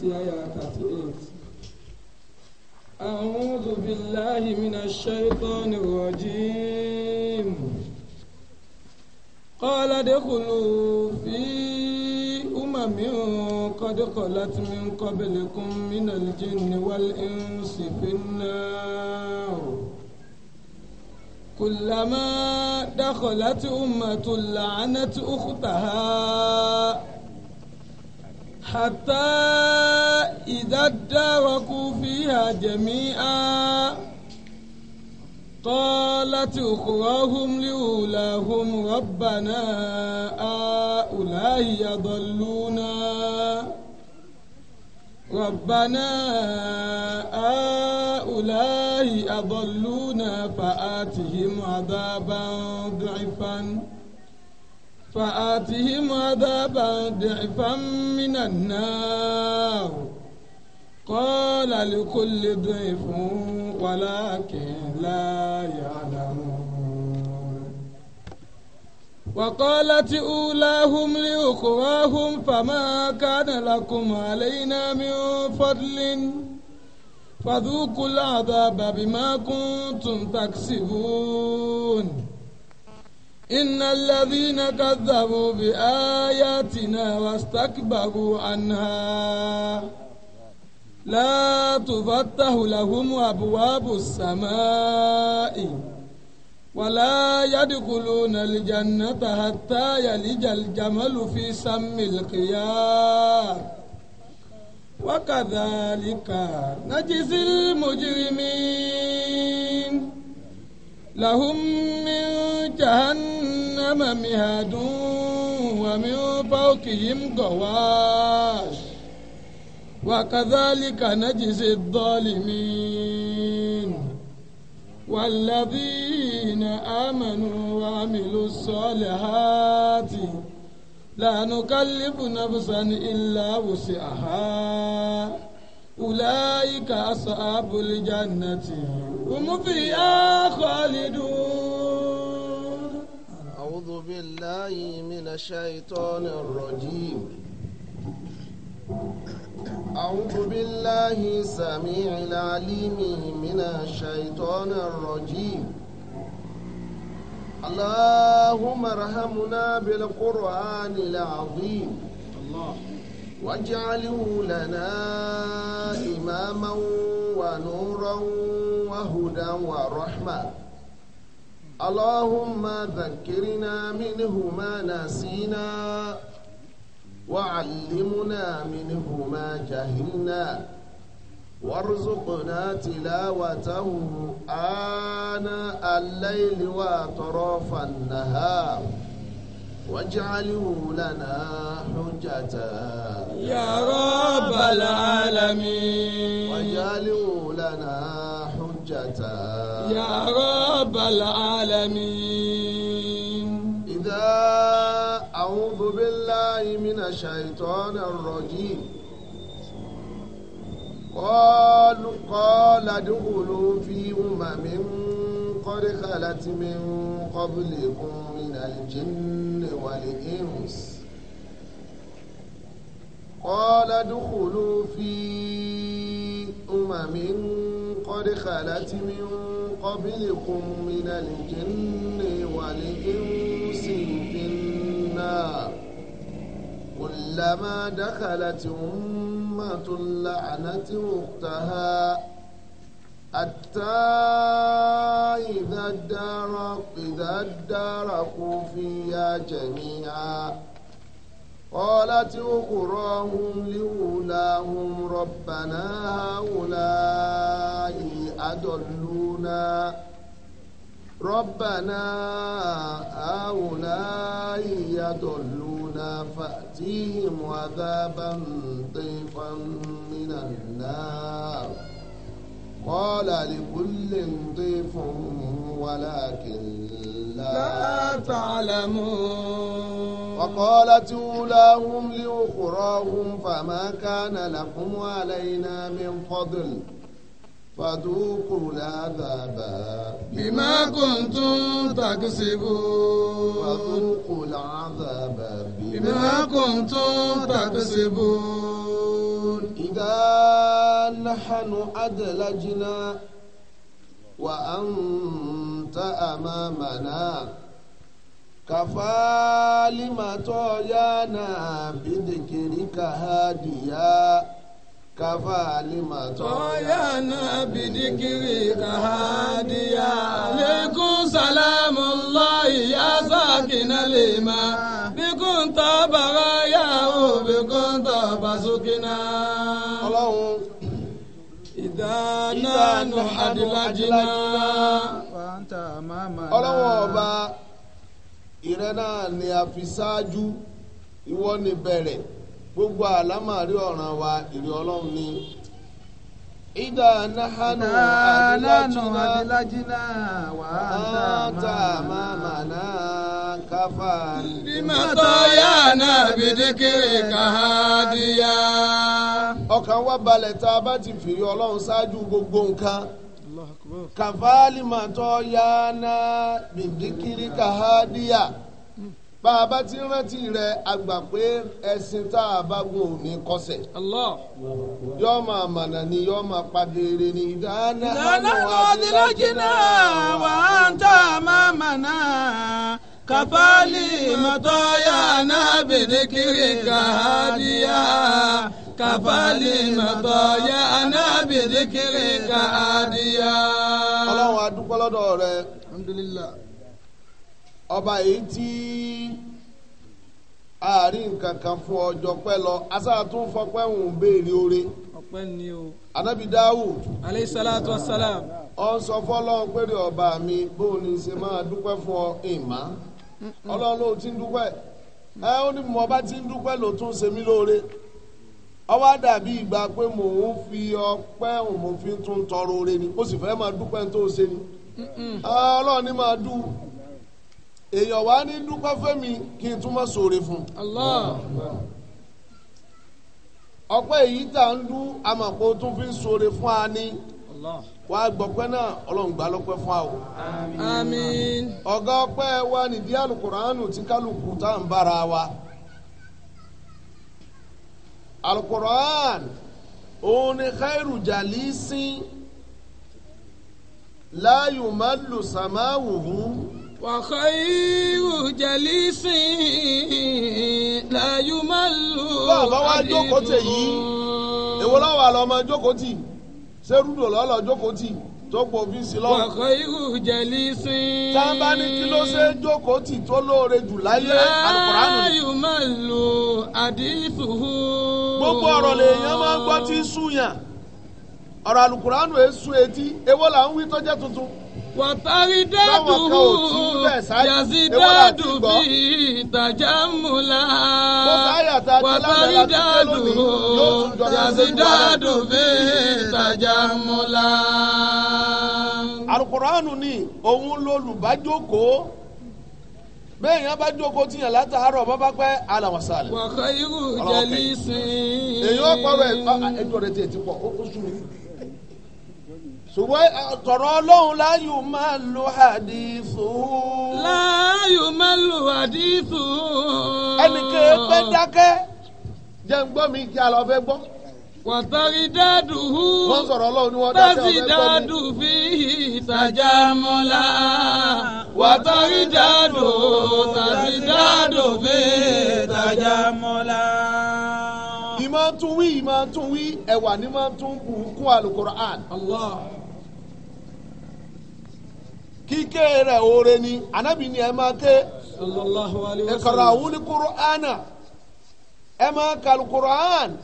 sí àyà أعوذ بالله من الشيطان الرجيم قال ادخلوا في أمم قد خلت من قبلكم من الجن والإنس في النار كلما دخلت أمة لعنت أختها حتى إذا اداركوا فيها جميعا قالت أخراهم لأولاهم ربنا هؤلاء يضلونا ربنا هؤلاء أضلونا فآتهم عذابا ضعفا فآتهم عذابا ضعفا من النار قال لكل ضعف ولكن لا يعلمون وقالت أولاهم لأخواهم فما كان لكم علينا من فضل فذوقوا العذاب بما كنتم تكسبون إن الذين كذبوا بآياتنا واستكبروا عنها لا تفتح لهم أبواب السماء ولا يدخلون الجنة حتى يلج الجمل في سم الخيار وكذلك نجزي المجرمين لهم من جهنم جهنم مهاد ومن فوقهم غواش وكذلك نجزي الظالمين والذين آمنوا وعملوا الصالحات لا نكلف نفسا إلا وسعها أولئك أصحاب الجنة هم فيها خالدون أعوذ بالله من الشيطان الرجيم أعوذ بالله سميع العليم من الشيطان الرجيم اللهم ارحمنا بالقرآن العظيم الله واجعله لنا إماما ونورا وهدى ورحمة اللهم ذكرنا منه ما نسينا وعلمنا منه ما جهلنا وارزقنا تلاوته آناء الليل وأطراف النهار واجعله لنا حجة يا رب العالمين واجعله يا رب العالمين إذا أعوذ بالله من الشيطان الرجيم قال قال ادخلوا في أمم قد خلت من قبلكم من الجن والإنس قال ادخلوا في أمم قد خلت من قبلكم من الجن والإنس في النار كلما دخلت أمة لعنت أختها حتى إذا اداركوا فيها جميعا قالت أخراهم لأولاهم ربنا هؤلاء أضلونا ربنا هؤلاء يضلونا فأتيهم عذابا ضيفا من النار قال لكل ضيف ولكن لا تعلمون وقالت أولاهم لأخراهم فما كان لكم علينا من فضل فذوقوا العذاب بما كنتم تكسبون فذوقوا العذاب بما كنتم تكسبون إذا نحن أدلجنا وأنتم كنت أمامنا كفى لما طغينا بذكرك هاديا كفى لما طغينا بذكرك هاديا لكم سلام الله يا ساكن الإيمان bíkún tó bàrà yà ó bíkún tó bàṣókínà. ọlọ́run. ìdáná nù adìlájìnà. ọlọ́wọ́ ọba ìrẹ́ náà ni a fi ṣáájú ìwọ ni bẹ̀rẹ̀ gbogbo àlámàrí ọ̀ràn wa ìrẹ́ ọlọ́run ni ìdá nahanu adilajina wà á ta màmá náà káfà. bímọ́tọ́ yá náà bìdíkìrì káhádìyà. ọkàn wa ya kàfáàlì mà tọ́ ya ná bìbíkiri kàhádìyà bá ti rántí rẹ àgbà pé ẹ̀sìn tá a bá gun òní kọsẹ̀. yọ máa mànà ni yọ máa pàdére ni ìdáná àná àdìlójínà wà á ń tà ma mànà kàfáàlì mà tọ́ ya ná bìbíkiri kàhádìyà. kàfálì màtọ́ yá anábì ka ká àdìyá. ọlọ́run a rẹ ọba èyí tí àárín nǹkan kan fún ọjọ́ pẹ́ lọ asára tó ń fọpẹ́ òun béèrè oore. ọpẹ ni o. anabi aleyhi ọba mi ṣe máa fún ọ ti ń ẹ ó ní bá ti ń ló tún ṣe mí ó dàbí ìgbà pé mò ń fi ọpẹ́ òun mo fi tún tọrọ oore ni ó sì fẹ́ máa dúpẹ́ tó ṣe ni ọlọ́run ní máa dùn èèyàn wá ní dúpẹ́ fẹ́mi kí n tún máa ṣoore fún un ọpẹ́ èyí tá ń dún amọ̀pọ̀ tún fi ń ṣoore fún a ní wàá gbọ́pẹ́ náà ọlọ́run gbà lọ́pẹ́ fún a ọ̀gá ọpẹ́ wa nìdí àlùkùránù tí kálukú tá ń bára wa. alukur'an òun ni khairu jalisi la yumallu samawuhu. wa khairu jalisi la bọ́ọ̀ bá wá jókòó tèyí èwo lọ́wọ́ àlọ́ ọmọ jókòó tì ṣé rúdò jókòó tì jókòó fi sí lọ. wàkọ irú jẹ̀lí sí. tá a bá ní kí ló ṣe jókòó tì tó lóore jù láyé alukóránù. láyò máa lo àdìsù. gbogbo ọ̀rọ̀ lèèyàn máa ń gbọ́ tí ń súnyàn ọ̀rọ̀ alukóránù ẹ̀ sún etí èwo là ń wí tó jẹ́ tuntun. wàtárí dáàdùhù yàtí dáàdùhù bí ìtajà múlá. wàtárí dáàdùhù yàtí dáàdùhù bí ìtajà kùránù ni òun lolùbájókòó bẹ́ẹ̀ yẹn bá jókòó tiyàn látàárọ̀ bá bá pẹ́ alàwọ̀sálẹ̀. wàhálà irú jẹ́lí sìn. èyí ó pọ̀ rẹ̀ ẹjọ́ rẹ̀ tiẹ̀ ti pọ̀ ó sùn mí. ṣùgbọ́n tọ̀rọ̀ ọlọ́run láàyò máa lo àdìsù. láàyò máa lo àdìsù. ẹnì kan pẹ́ dákẹ́ jẹ́ ń gbọ́ mi kí a lọ fẹ́ gbọ́ wàtàrí dádùhù. wọ́n sọ̀rọ̀ ọlọ́run ni wọ́n dá sí ọ̀rẹ́ gbọ́dọ̀. bẹ́sì dádù fi ìtajà mọ́lá. wàtàrí dádù tàbí dádù fi ìtajà mọ́lá. ìmọ̀ tún wí ìmọ̀ tún wí ẹ̀wà ni máa tún bù kún àlùkùránì. Allah. kíké rẹ̀ oore ni anábì ni ẹ máa ké. sallallahu alaihi wasallam. ìkọ̀rọ̀ ẹ máa kàlùkùránì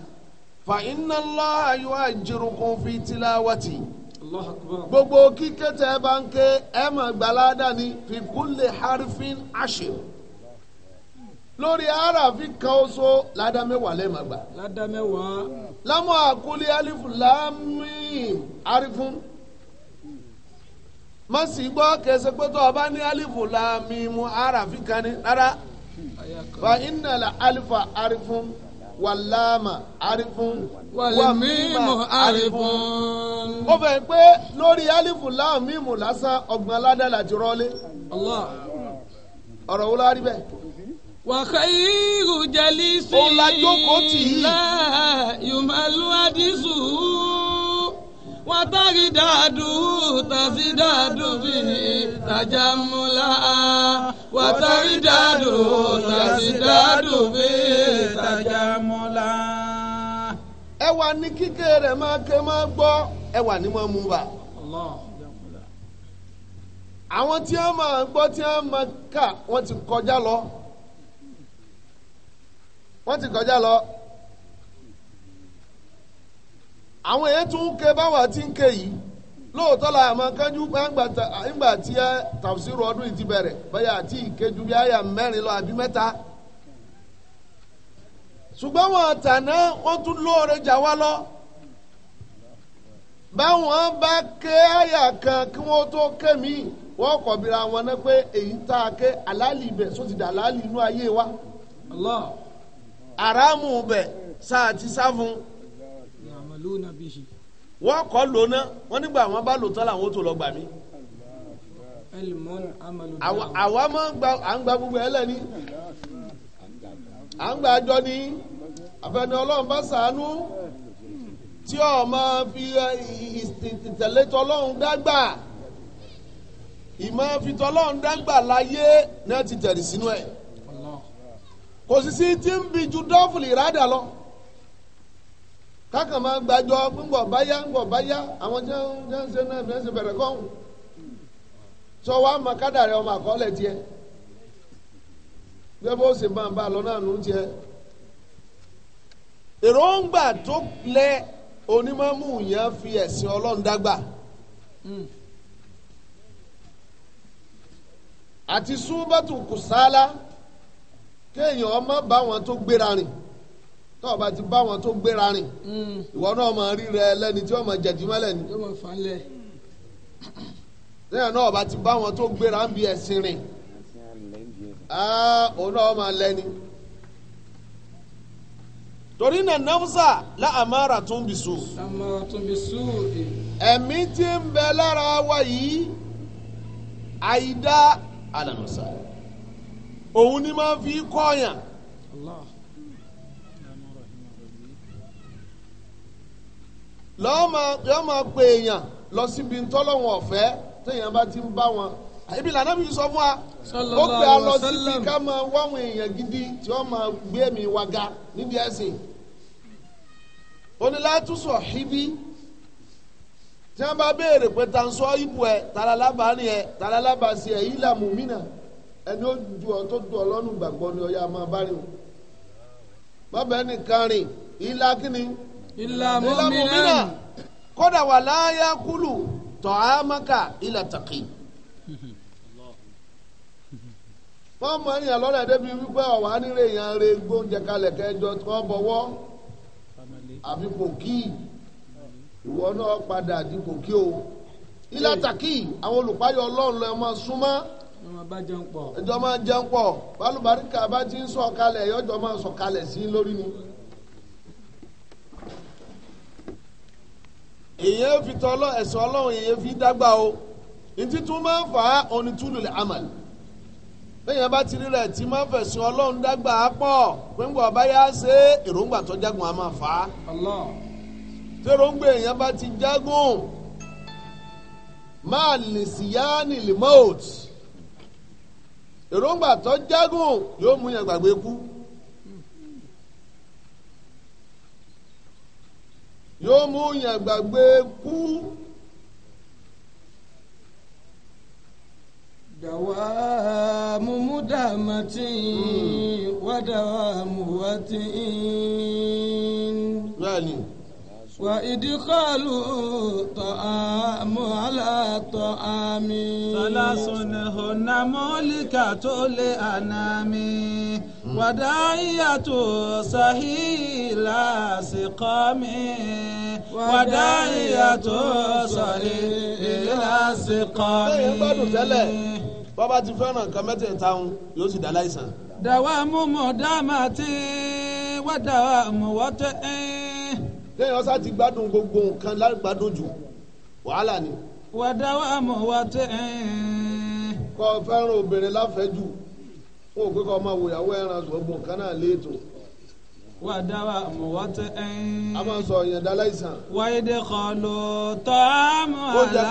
fa inna Allaha yu'ajjirukum fi tilawati gbogbo kíké tẹ ẹ bá ń ké ẹ mọ̀ gbalada ni fi kulli harfin ashir lórí aráàfin kan oṣù ládàmẹ́wàá lẹ́ẹ̀mọ́gbà. ládàmẹ́wàá. lámú àkúlé alifu lámìm arifun má sì gbọ́ kẹsẹ̀ pé tó ní alifu lámìmù aráàfin kan ní rárá fa la alifa arifun wàlámà àrífún. wàlámìmù àrífún. ó fẹ́ pé lórí alifu láàmìmù lásán ọgbọ̀n aládàá làti rọ́lé. ọ̀rọ̀ wo la rí bẹ́ẹ̀. wàhálà ìrù jẹ́lí sí i. òun tì í. la yòmálú àdìsù watari dadu tafi dadu fi tajamula watari dadu tafi dadu fi tajamula. ẹwà ní kíkẹ́ rẹ̀ máa ké máa gbọ́ ẹwà ní máa mú bá. àwọn tí wọ́n máa gbọ́ tí wọ́n máa kà wọ́n ti kọjá lọ. wọ́n ti kọjá lọ. àwọn èèyàn tún ń ké báwa ti ń ké yìí lóòótọ́ la àmọ́ kánjú ńgbà tí ẹ tafsiru ọdún yìí ti bẹ̀rẹ̀ bẹ́ẹ̀ àti ìkéjú bí àyà mẹ́rin lọ àbí mẹ́ta ṣùgbọ́n wọn wọ́n tún lóore jà kan kí wọ́n tó ké mi wọ́n wọn náà pé èyí tá a ké àlálì wa bẹ̀ sáà ti fún lónà bíi. wọ́n kọ́ lónà wọ́n nígbà wọn bá lò tán làwọn ó tó lọ gbà mí. àwa máa à ń gba gbogbo ẹ lẹ́ni à ń gba àjọ ni àfẹnù ọlọ́run bá sàánú tí ọ máa fi ìtẹ̀lé tọlọ́run dágbà ìmọ̀ fi tọlọ́run dágbà láyé náà ti tẹ̀lé sínú ẹ̀ kò sì sí tí ń bi ju dọ́fùlì ìrádà lọ. kákan máa gbàjọ ńgbọ̀ báyá ńgbọ̀ báyá àwọn tí náà sọ wá mọ kádàrẹ ọmọ àkọọ́lẹ̀ tiẹ̀ bí wọ́n ṣe máa bá a lọ náà èròǹgbà fi ẹ̀sìn ọlọ́run dágbà àti kéèyàn ọmọ bá wọn tó o bá ti bá wọn tó gbéra rìn hmm. ìwọ náà máa rí rẹ lẹ́ni tí ó máa jẹ̀dí mọ́lẹ̀ ni. yóò máa fà á lẹ̀. lẹ́yìn náà o ti bá wọn tó gbéra ń bi ẹ̀sìn rìn òun náà máa lẹ́ni. torí náà nafsa láàmárà tún bì sùn. láàmárà tún bì sùn. ẹ̀mí tí ń bẹ lára wa yìí àìdá àlànà òun ni máa fi kọ́ ọ̀yàn. yọọ máa pe èèyàn lọ síbi ntọ́lọ́wọ̀n ọ̀fẹ́ téèyàn bá ti ń bá wọn ibi lànà bí sọ fún wa ó pe a lọ síbi ká máa wáwọn èèyàn gidi tí wọ́n máa gbé mi wá ga níbi ẹ̀sìn onílàtúnṣọ híbí tí wọ́n bá béèrè pé ta ń sọ ibù ẹ tara lábàárín ẹ tara lábàásí ẹ yìí làmú mí nà ẹni ó ju ọ tó du ọlọ́nu gbàgbọ́ ni ọ̀ya máa bá rìn o bàbá ẹnìkan rìn ìlà kínní ilà mọ́mìnà wà láyà kúlù tọ́hámákà ilà tàkì. wọ́n mọ èèyàn débi wípé ọ̀wá nílé èèyàn rẹ gbóúnjẹ kalẹ̀ kẹjọ tí wọ́n bọ̀wọ́ àbí kò kí ìwọ náà padà di kí o ilà tàkì àwọn olùpáyọ ọlọ́run lọ́ọ́ máa súnmọ́ jẹun pọ̀ bá ti èyàn fi tọ́lọ́ ẹ̀sìn ọlọ́run èyàn fi dágbà o ntí tún máa ń fà á òní túlù àmàl lẹ́yìn bá ti rí rẹ̀ tí máa ń fẹ̀sìn ọlọ́run dágbà á pọ̀ pínpín ọba yá ṣe èròǹgbà tó jágun á máa fà á tẹ́rọ̀ǹgbà èyàn bá ti jágun máa lè síyá ní lè mọ́ọ̀tì èròǹgbà tó jágùn yóò mú yàn gbàgbé kú yóò mú yàn gbàgbé kú. dàwa mumu dàmàtì hmm. wà dàwa muwàtì. bẹ́ẹ̀ وإدخال طعام على طعام ثلاث هن ملكة لأنام وداعية سهيل سقام وداعية سهيل سقام bọ́bá ti fẹ́ràn nǹkan mẹ́tẹ̀ẹ̀ta ń yóò sì dá láìsàn lẹ́yìn ọ̀sá ti gbádùn gbogbo nǹkan lágbádùn jù wàhálà ni. wàdà wà mọ̀ wá tẹ́ kọ́ fẹ́ràn obìnrin láfẹ̀ẹ́ jù ó pé kọ́ máa wòyàwó ẹran ṣùgbọ́n nǹkan náà léètò. wàdà wà mọ̀ wá tẹ́ a máa sọ ìyàndá láìsàn. wàyédè kan ló tọ́ àmọ́ àlá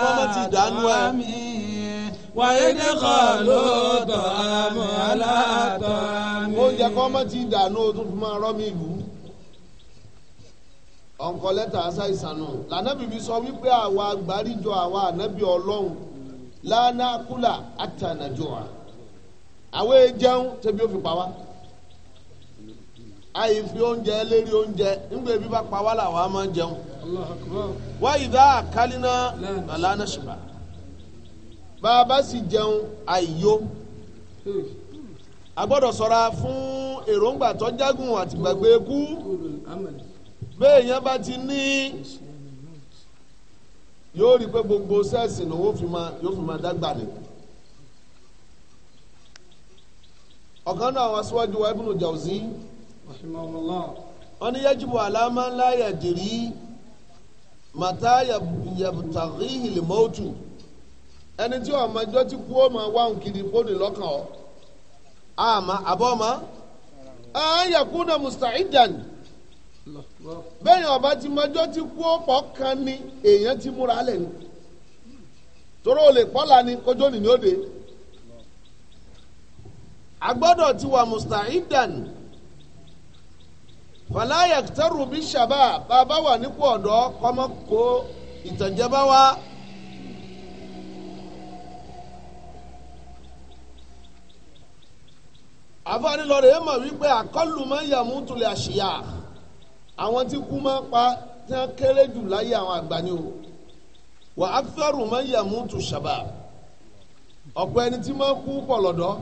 mi. wàyédè kan ló tọ́ àmọ́ àlá tọ́ mi. oúnjẹ kan máa ti dànù o tún fi máa rọ́ mi ìlú. ọ̀nkọ́ lẹ́tà aṣáìsànù lànàbì fi sọ wípé àwa gbàríjọ àwa ànábì ọlọ́run lánàkúlà àtànàjọ́à àwọn èjẹun tẹbi ó fi pa wá àyè fi oúnjẹ lérí oúnjẹ nígbà ebi bá pa wá làwọn á máa jẹun wá ìdá àkálínà lánàṣùbà bá a bá sì jẹun àyò a gbọ́dọ̀ ṣọ́ra fún èròǹgbà ati jágùn àtìgbàgbé kú. bẹ́ẹ̀ yẹn bá ti ní yóò rí i pé gbogbo sẹ́ẹ̀sì lòun fi máa yóò fi máa dágbà ni. ọ̀kan náà àwọn aṣíwájú wa Ibn Jawzi wọ́n ní yajibu alama ńlá yàdìrí màtá yàbùtàrí ìlìmọ́tù ẹni tí ọmọ ẹjọ́ ti kú ọmọ wa ń kiri fóònù lọ́kàn ọ́ àmọ́ àbọ̀ ọmọ ẹ̀ ń yàkúnà musta'idan. bẹ́ẹ̀ ọba ti mọjọ́ ti kú ọ̀pọ̀ kan ni èèyàn ti múra lẹ̀ ni toro o pọ́lá ni kójó de agbọ́dọ̀ ti wà mustahidan fàlàyé tẹ́rù bí sábà bàbá wà nípò ọ̀dọ́ kọ́mọ kó ìtànjẹ bá wá. eme ẹ̀ mọ̀ wípé àkọlù máa ń àwọn tí kú máa pa tí wọ́n kéré jù láyé àwọn àgbà ni o wà á fẹ́rù máa yà mú tu ṣàbà ọ̀pọ̀ ẹni tí máa kú pọ̀ lọ́dọ̀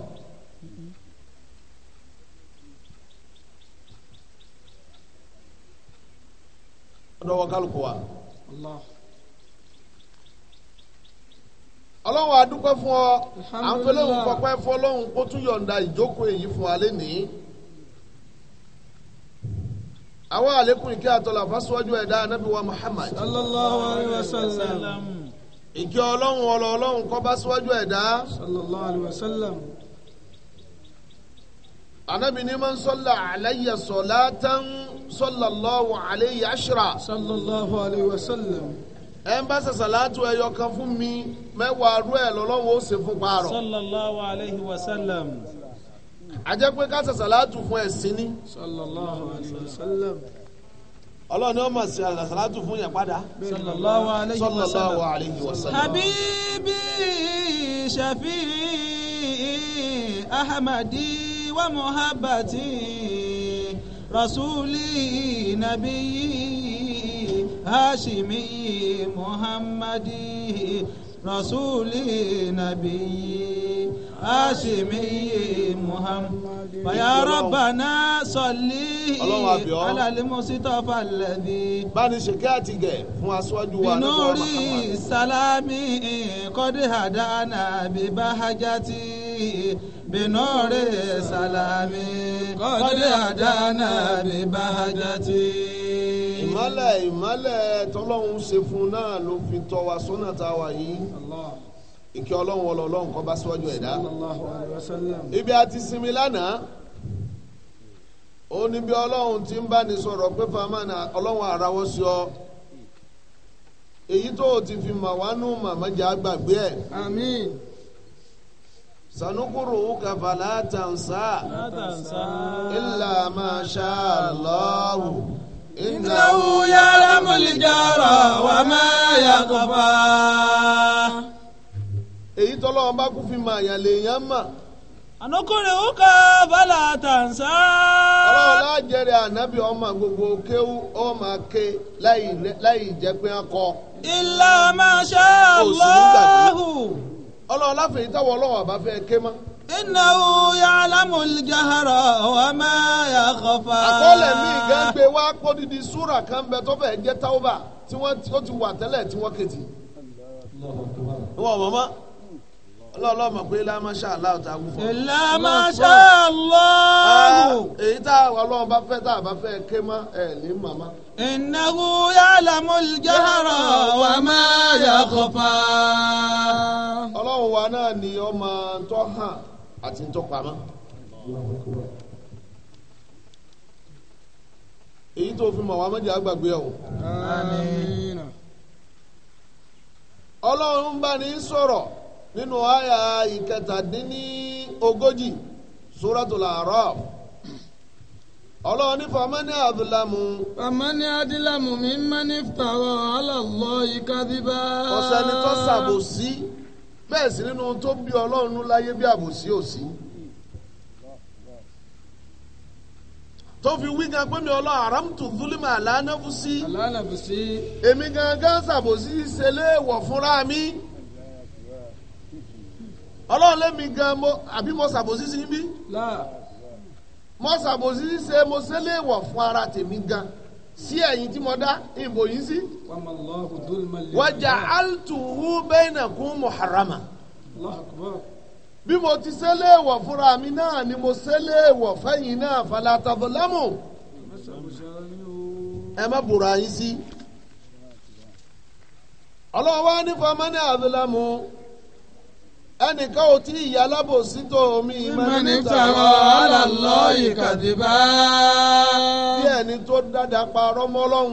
ọdọwọ kálukú wa ọlọ́run a fún ọ à ń fẹ́ kó tún yọ̀ǹda ìjókòó èyí fún wa lénìí àwọn àlékún ìkí àtọ́lá fásiwájú ẹ̀dá anábì wa Muhammad. sallallahu alayhi wa sallam. ìkí ọlọ́run ọlọ́ ọlọ́run kọ́ bá síwájú ẹ̀dá. sallallahu alayhi wa sallam. anábì ní man salla alayya salatan sallallahu alayhi ashra. sallallahu alayhi wa sallam ẹ ń ẹyọ kan fún mi mẹ́wàá rú ẹ̀ lọ́lọ́wọ́ ó sì fún paarọ̀. sallallahu alayhi wa sallam ajẹ́ pé ká ṣe sàlátù fún ẹ̀sìn ni. sallallahu alayhi wa sallam. ọlọ́ni ọmọ sí sàlátù fún yẹn padà. sallallahu alayhi wa sallam. sallallahu habibi shafi ahmadi wa muhabbati rasuli nabiyi hashimi muhammadi rasuli nabiyi hashimi muhammad fàyà rọ́bànà sọ̀lì alalimusitọ́fà lẹ́bi. báni ṣèké àtìgẹ̀ fún aṣáájú wa nígbà wàhálà. binori salami kọ́dí hadana bíbá hajati binori salami kọ́dí hadana bíbá hajati. ìmọ̀lẹ̀ ìmọ̀lẹ̀ tọ́lọ́hún ṣe fún náà ló fi tọ́ wa sọ́nà tá a wà yìí. ike ọlọ́run ọlọ́run kọ́ bá síwájú ẹ̀dá. ibi ti sinmi lánàá ó ní bí ọlọ́run ti ń bá ní sọ̀rọ̀ pé na ọlọ́run àràwọ̀ sí ọ èyí tó o ti fi mà wánú màmá jà gbàgbé ẹ̀. àmín. sanukuru kafa látansa ilà máa ṣá lọ́wọ́. innahu ya'lamul jara wa ma èyí tọ́lọ́ ọba kú fi máa yàn lèèyàn mà. ànọ́kùnrin ó ka bàlà tàǹsà. ọlọ́run lájẹrẹ ànábì ọmọ gbogbo kéwú ọmọ ké láì jẹ́ pé wọ́n kọ. ilá máa ṣá lọ́hù. ọlọ́run láfẹ̀yìn táwọn ọlọ́run àbá fẹ́ ké mọ́. innahu ya'lamul jahra wa ma yakhfa. àkọọ́lẹ̀ mi gẹ́gbẹ́ wá pọ́dídì súrà kan bẹ tó fẹ́ jẹ́ táwọn tí wọ́n ti wà tẹ́lẹ̀ tí wọ́n kejì. ọlọ́ọ̀lọ́ mọ̀ pé lá máa ṣá aláwọ̀ tá a kú fún. ìlà máa ṣá aláwọ̀. èyí tá ọlọ́run bá fẹ́ tá a bá fẹ́ ké mọ́ ẹ̀ ní màmá. ìnáwó wà ma yakhfa. ọlọ́run wa náà ni ọmọ tó hàn àti tó pamọ́. èyí tó fi mọ̀ wá méjì àgbàgbé ọlọ́run bá ní nínú àyà ìkẹtàdínní ogójì suratul A'raf ọlọ́run ní famani adilamu famani adilamu mi máa ní fàwọn alàlọ́ ìkàdíbà. ọ̀sẹ̀ni tó ṣàbòsí bẹ́ẹ̀ sì nínú tó bí ọlọ́run láyé bí àbòsí ò sí. tó fi wí gan pé mi ọlọ́run aram tó dúlímọ̀ àlànà fún sí. àlànà fún sí. èmi gangan ṣàbòsí ṣẹlẹ̀ wọ̀ fúnra mi. ọlọ́run lẹ́mi gan mo àbí mo ṣàbòsí sí bí mo ṣàbòsí ṣe mo ṣe lè wọ̀ fún ara tèmi gan sí ẹ̀yìn tí mo dá ìbò yìí sí. wàjà altuhu bainakum ti ṣe lè wọ̀ fúnra mi náà ni mo ṣe lè wọ̀ fẹ́yìn náà ẹ má bùrọ̀ sí. ẹnìkan ò tí ìyá alábòsí tó omi ìmọ̀ níta rọ àlàlọ́ ìkàdébá. bí ẹni tó dáadáa parọ́ mọ́ Ọlọ́run.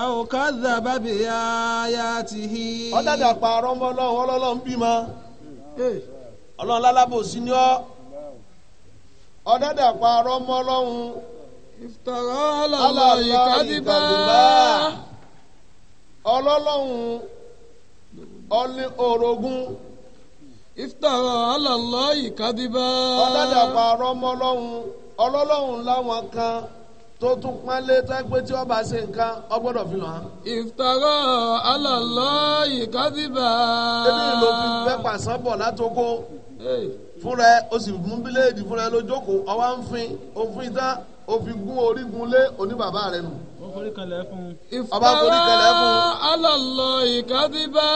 àwọn káàdà bàbí ayá ti hí. ó dáadáa parọ́ mọ́ Ọlọ́run Ọlọ́run bímọ. Ọlọ́run lálábòsí ni ọ́ ó dáadáa parọ́ mọ́ Ọlọ́run. ìfitọ̀rọ̀ àlàlọ́ ìkàdébá. ọlọ́lọ́run ọlẹ́ orogún. iftara alàlọ́ ìkádìbá. ọ̀dàdàpọ̀ àrọ́mọlọ́hún ọlọ́lọ́hún láwọn kan tó tún pánlé tẹ́gbẹ́ tí ọba ṣe nǹkan ọgbọ́dọ̀ fi hàn. iftara alàlọ́ ìkádìbá. ebi ló fi fẹ́ pàṣán bọ̀ fúnra ẹ sì mú bíléèdì fúnra lójókòó forí kanlẹ̀ fún un. ọba forí kanlẹ̀ fún un. alọ́lọ́ ìkàdíbà.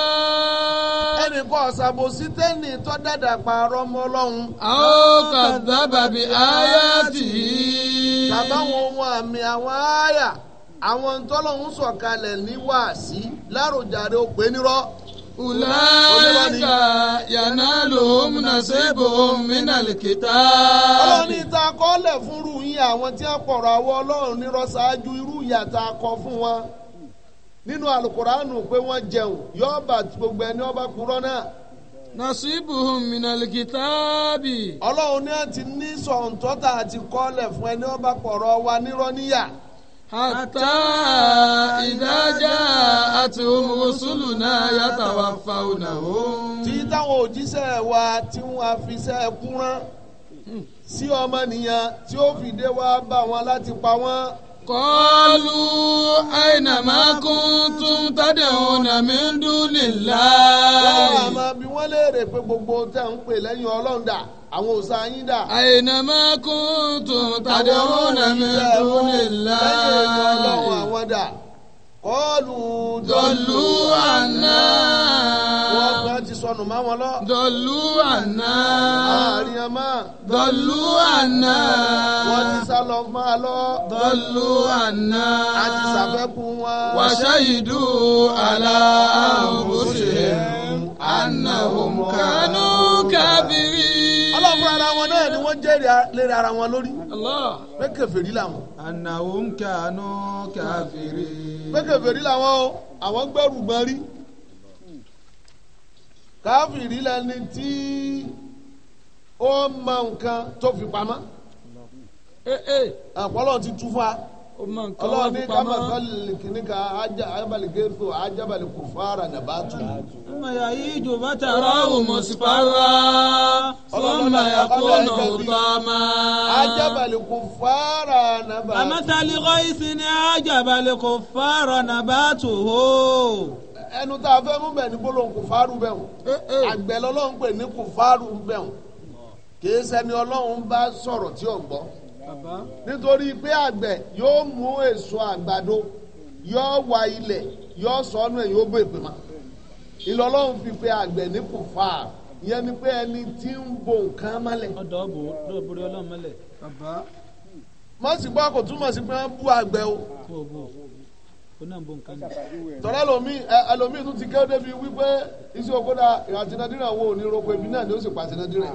ẹnì kan ṣàbò sí tẹ́nì tó dàdà parọ́ mọ́ lọ́hùn. a ó kà dábàbí tì í. bàbá wọn ohun àmì àwọn àyà àwọn tọ́lọ́hún sọ̀kalẹ̀ ní wàásí òpè nírọ́. ulaika yanaluhum nasibuhum minal kitab. ọlọ́run ní ta kọ́lẹ̀ fúnrú yín àwọn tí wọ́n pọ̀rọ̀ àwọ ọlọ́run nírọ̀ ṣáájú irú ìyà tá kọ fún wọn nínú alukóránù pé wọ́n jẹun yóò bá gbogbo ẹni ọba kúrọ́ náà nasibuhum minal kitaabi. ọlọ́run ní àti ní sọ̀ǹtọ́tà àti kọ́lẹ̀ fún ẹni ọba pọ̀rọ̀ wa nírọ́ níyà. hatta ìdájà àti omùsùlù náà yàtà wà fa ònà o. tí táwọn òjíṣẹ́ wa tí wọ́n fi iṣẹ́ kún hmm, sí ọmọnìyàn tí ó fìdé wá bá wọn láti pa wọ́n. kọ́ọ̀lù àìnàmá tún tádé ọ̀nà mi ń dún nílá. wọ́n àmọ́ bí wọ́n léèrè pé gbogbo tẹ̀ ń pè lẹ́yìn ọlọ́run dà àwọn òòsà yín dà. àìnàmá tún tádé ọ̀nà mi ń dún nílá. lẹ́yìn ọlọ́run àwọn dà kọlù dọlù àná. wọn kan ti sọnù máa wọn lọ. dọlù àná. àárín ọmọ. dọlù àná. wọn ti sá lọ máa lọ. dọlù àná. a ti sàfẹ́kù wọn. wàṣẹ ìdú àlà àwòṣe àná òmùkánú kábí wọ́n jẹ́rìí lérí ara wọn lórí. pé kèfèrí làwọn. ànàwó ń kàánú káfíìrì. pé kèfèrí làwọn o àwọn gbẹ́rù gbọ́n rí. káfíìrì lẹni tí ó mọ nǹkan tó fi pamọ́. Eh, eh. ọ̀pọ̀lọ́ ti tú fún wa ọlọ́run ní kama sọ́ọ̀lì kìnnìkà ajabali gẹ́sọ̀ ajabali kùfàrà nàbàtù. ọmọya yìí jò bá tẹ̀rọ mùsùlùmá sọ́ọ̀mọ̀yà kó nà ọ̀tọ́mà. ajabali kùfàrà nàbàtù. àmọ́tàlí kọ́ ìsìn ní ajabali kùfàrà nàbàtù hó ẹnu tá a fẹ́ mú bẹ̀ ní gbólóhùn kò fárú bẹ̀ wò eh, eh. àgbẹ̀ lọ́lọ́run pè ní kò fárú bẹ̀ wò kì í ṣẹni ọlọ́run bá sọ̀rọ̀ tí ò ń gbọ́ nítorí pé àgbẹ̀ yóò mú èso àgbàdo yóò wa ilẹ̀ yóò sọnù ẹ̀ yóò bó èpè mọ́ ìlọlọ́run fi pe àgbẹ̀ ní kùfà ìyẹn ni pé ẹni tí ń bo nǹkan mọ́lẹ̀. ọ̀dọ̀ ọ̀bù ló borí ọlọ́run mọ́lẹ̀. mọ̀sí gbọ́ kò túmọ̀ sí pé wọ́n bú àgbẹ̀ o tọ́lá ẹlòmíì ẹlòmíì tún ti kẹ́ débi wípé iṣẹ́ òkúta nàìjíríà wo ò roko èmi náà ni ó sì pàṣẹ nàìjíríà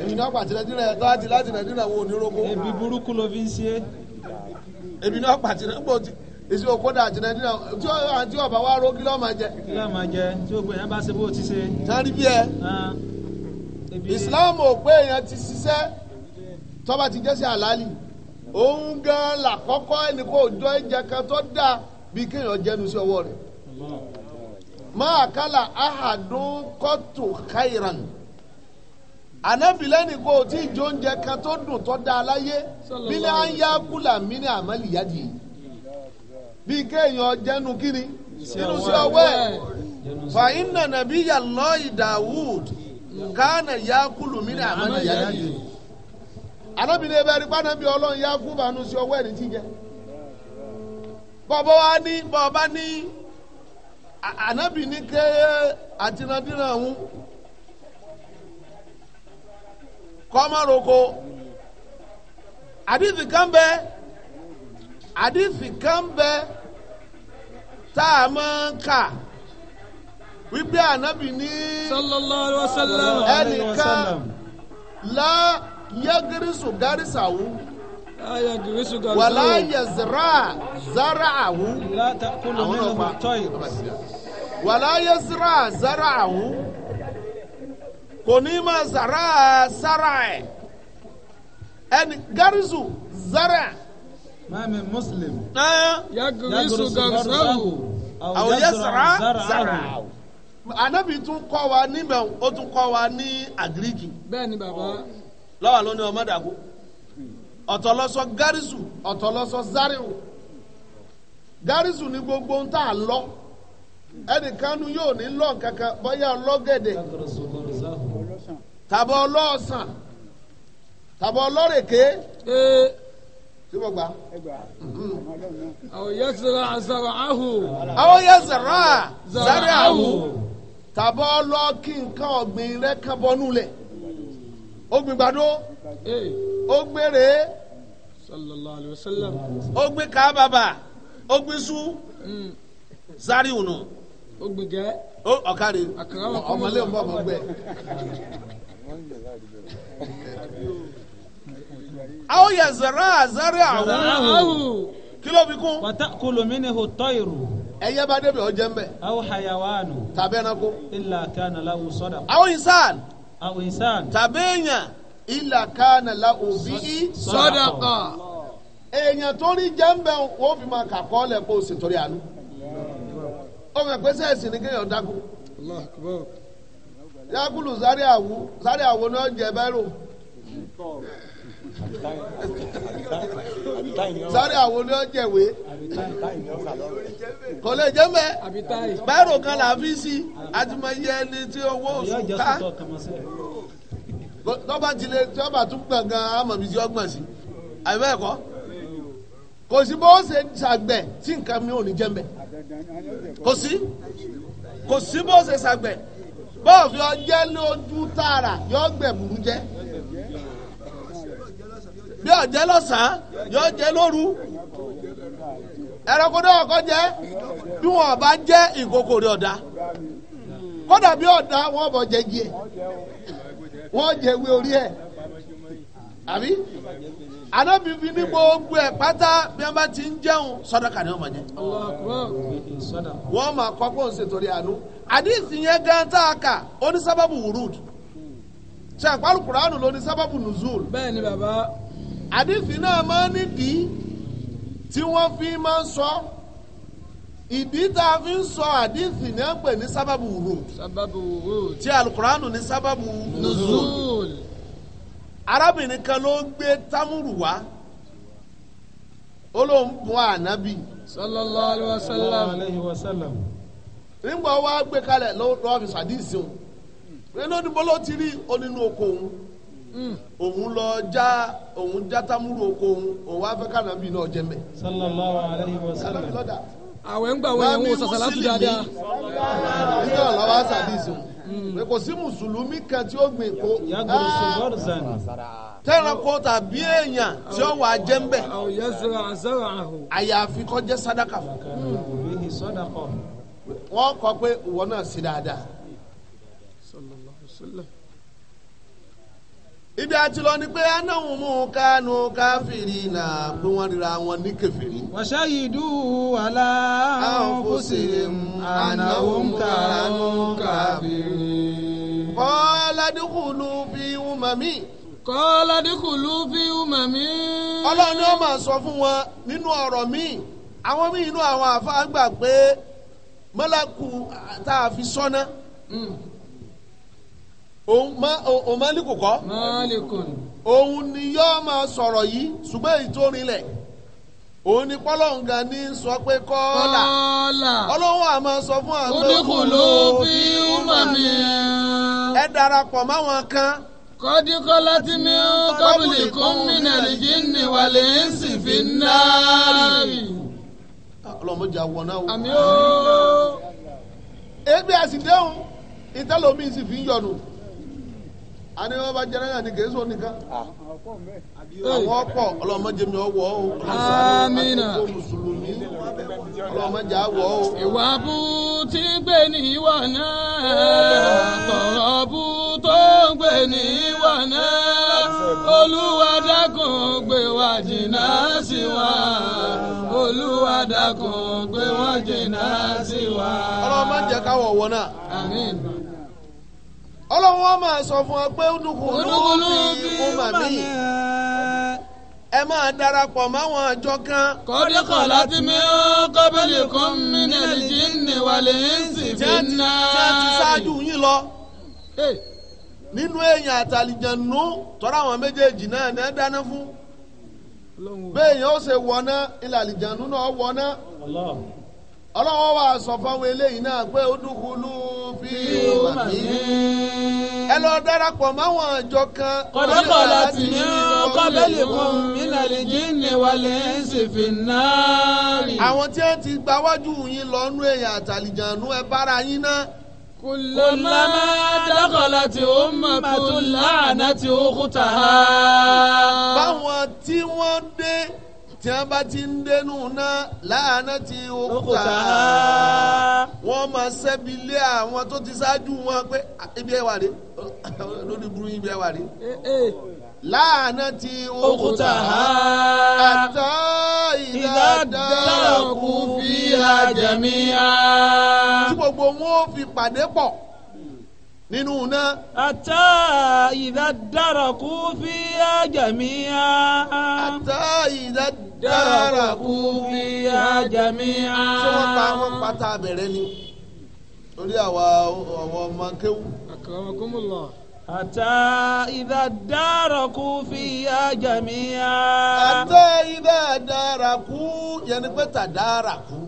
èmi náà pàṣẹ nàìjíríà wo ebi burúkú ló fi ń ṣe. èmi náà pàṣẹ nàìjíríà wa jẹ. kí jẹ tí bá ṣe bó ti ṣe. sáré bí ẹ ah. Islam ò èèyàn ti ṣiṣẹ́ tọ́ba ti jẹ́ sí òun gan làkọ́kọ́ ẹnìkan òjọ ẹ̀jẹ̀ kan tó dáa bí kéèyàn jẹ́nu sí ọwọ́ rẹ̀ máa kálá ahadun kọ́tù khairan anábìlẹ́nì kò tí ì jó oúnjẹ kan tó dùn tó dáa láyé bílẹ̀ á ń yá kúlà mí ní àmàlì yájì bí kéèyàn jẹ́nu kíni sínú sí ọwọ́ ẹ̀ fàyín nànàbí yàlọ́ ìdàwùd kánà yá kúlù mí ní àmàlì ebe ẹbẹ rí pàdánù ọlọ́run ya fún bàánú si ọwọ́ ẹ̀rín jíjẹ bọ́ọ̀bọ́ wa ni bọ́ọ̀bá ni anábìnrin kéré àtinadínà kan bẹ yagirisu garisawu ah, la yagirisu garisawu wala yazra zara'ahu la ta'kulu minhu at-tayr wala yazra zara'ahu kò ní ma zara sara ẹ ẹni garisu zara. maami muslim. yagirisu garisawu àwọn yazra zara'ahu anabi tún kọ́ wa níbẹ̀ o tún kọ́ wa ní agiriki. bẹ́ẹ̀ ni bàbá lọ́wọ́ ló ní ọmọ dàgbò ọ̀tọ̀ lọ́sọ gárísù ọ̀tọ̀ lọ́sọ záríù gárísù ní gbogbo ń tà lọ ẹnìkanu yóò ní lọ kankan bóyá ọlọ́gẹ̀dẹ̀ tàbí ọlọ́ọ̀sán tàbí ọlọ́rèké síbò eh. gbà. àwọn yasara azara ahu. àwọn yasara zara ahu tàbí ọlọ́ọ̀kì nǹkan ọ̀gbìn rẹ̀ kábọ́nú lẹ̀ ó gbin gbàdó eh. ó gbére sallallahu alayhi wa sallam ó gbin kábàbà ó gbin sú hmm. sáré ònà ó gbin gẹ ọkàrí ọmọlé ọmọ ọmọ gbẹ. aw yẹ zara zari awo kí ló fi kún. wata kolomi ni ho tọyiru ẹyẹ bá débi ọjẹ mbẹ. aw hayawanu. tàbí ẹranko. illa kana lahu sadaqa. aw insan awisan. tàbí èèyàn ilà kánà la òbí i. sọdọkọ. èèyàn tó rí jẹ́ńbẹ́ wọ́n fi máa kà kọ́ lẹ̀ kó o sì torí àánú. ọmọ ìpèsè ẹ̀sìn ni kéèyàn dákú. yakulu sáré àwo sáré àwo ni wọ́n jẹ bẹ́rù sáré àwọn ni ó jẹ̀wé kò lè jẹ́ mẹ́ báyìí kan là á fi sí àtìmọ̀yé ẹni tí owó oṣù ká tọ́ba tilẹ̀ tọ́ba tún gbọ̀ngàn amọ̀bí tí ó gbọ̀n sí àbẹ́ ẹ̀kọ́ kò sí bó ṣe ṣàgbẹ̀ tí nǹkan mi ò ní jẹ́ mẹ́ kò sí kò sí bó ṣe ṣàgbẹ̀ bọ́ọ̀ fi ọ jẹ́ tààrà yọ gbẹ̀ burú jẹ́ bí ọ̀jẹ́ lọ́sàn-án yóò jẹ́ lóru ẹranko náà kọ́ jẹ́ bí wọn bá jẹ́ ìkókò rẹ̀ ọ̀dà kódà bí ọ̀dà wọn bọ̀ jẹ́ gie wọn jẹ́ ewé orí ẹ̀ àbí anábìbí ní gbogbo ẹ̀ pátá bí wọn bá ti ń jẹun sàdákà ni wọn máa jẹ wọn máa kọ́ pé òun ṣètò rí àánú àdìsí yẹn gan tá a kà ó ní sábàbù wùrúd ṣe àpárùkù ránù ló ní sábàbù nùzúl. bẹ́ẹ̀ bàbá àdìsí náà máa nídìí tí wọ́n fi máa ń sọ ìdí tá a fi ń sọ àdìsí ní à ń pè ní sábàbù rò sábàbù rò tí alukuraanu ní sábàbù nùzúl arábìnrin kan ló ń gbé támúrù wá ó ló ń bọ ànábì. sallallahu alayhi wa sallam. nígbà wa gbé kalẹ̀ lọ́wọ́ fi sàdíìsì òun. pé lónìí bọ́lá ti rí onínú oko òun òun lọ já òun já oko òun òun afẹ́ kànábì náà jẹ sallallahu àwẹ̀ ń gbà wọ́n yẹn wọ́n sàṣà látú dáadáa. nítorí àwọn àwọn A kò sí mùsùlùmí kan tí ó gbìn kó. Ah! tẹ́ranko tàbí èèyàn tí ó wà sadaka fún. wọ́n pé ìwọ náà ibi àti lọ ni pé anáhùn mú kánú káfíìrì náà pé wọ́n rira wọn ní kẹfìrí. wàṣà yìí dùn àlá àwọn fòsìrè ànáwó kánú káfíìrì. kọ́lá dínkùlù bí wùmọ̀ mi. kọ́lá dínkùlù bí wùmọ̀ mi. ọlọ́run ni wọ́n máa sọ fún wọn nínú ọ̀rọ̀ mi àwọn míì inú àwọn àfa gbà pé mọ́lákù tá a fi sọ́nà. Mm. òun máàlìkù òun ni yọ́ máa sọ̀rọ̀ yìí ṣùgbọ́n èyí tó rinlẹ̀ òun ni pọ́lọ́ǹgà ní sọ pé kọ́ọ̀là ọlọ́wọ́ sọ fún àwọn ẹ darapọ̀ kan. kọ́díkọ́ láti kún ń sì fi ah, náà àmì ó. fi ń yọnu. ani wọn bá jẹrẹ yanni kì í nìkan. Ah. àwọn ọ̀pọ̀ ọlọmọdé mi ọwọ o. amina ọlọmọdé awọ o. ìwà bú gbé ní ìwà náà tọrọ bú gbé ní ìwà náà olúwa gbé wá jìnnà sí wa olúwa gbé wá jìnnà sí wa. ọlọmọdé káwọ wọ náà. amina ọlọ́run wọn máa sọ fún ọ pé olúkúlú bí ọmọ mi ẹ máa darapọ̀ máwọn àjọ kan. kọ́dé kan láti mi ó kọ́bílì kan mi ní ẹ̀jì ní wàlẹ̀ ń sì fi ná. ṣé ti ṣáájú yín lọ nínú èèyàn àtàlìjànú tọ́ra àwọn méjèèjì náà ní ẹ dáná fún bẹ́ẹ̀ yẹn ó ṣe wọná ilẹ̀ àlìjànú náà wọná. Allah ọlọ́wọ́ wa sọ fáwọn eléyìí náà pé ó dúkulú bí wàmí. ẹ lọ darapọ̀ máwọn àjọ kan. kọ̀dọ́kọ̀ láti ní kọ́bẹ́lì kan mínàlì jíìnì wàlẹ̀ ṣèfì náà. àwọn tí wọ́n ti gbáwájú yín lọ́nú èèyàn àtàlìjànú ẹ bára yín náà. كلما دخلت أمة لعنت أختها. báwọn tí tí wọ́n bá ti ń dénú náà láàánú ti òkúta wọ́n máa ṣẹ́bi lé àwọn tó ti ṣáájú wọn pé ah, ibi ẹ̀ wà rí lórí burú ibi ẹ̀ wà rí eh, eh. láàánú ti òkúta àtọ́ ìdádọ́kù fi hàjẹ̀mí. tí gbogbo wọn ò fi pàdé pọ̀ nínú iná. ata idadara kufiya kú ata idadara kufiya kú fi àjàmíyá. ṣé wọ́n pa wọ́n pátá abẹ̀rẹ̀ ni torí àwọn ọmọ kéwù. akramakumullah. ata ìdá dára kú fi àjàmíyá. ata idadara dára kú yẹn pé tà dára kú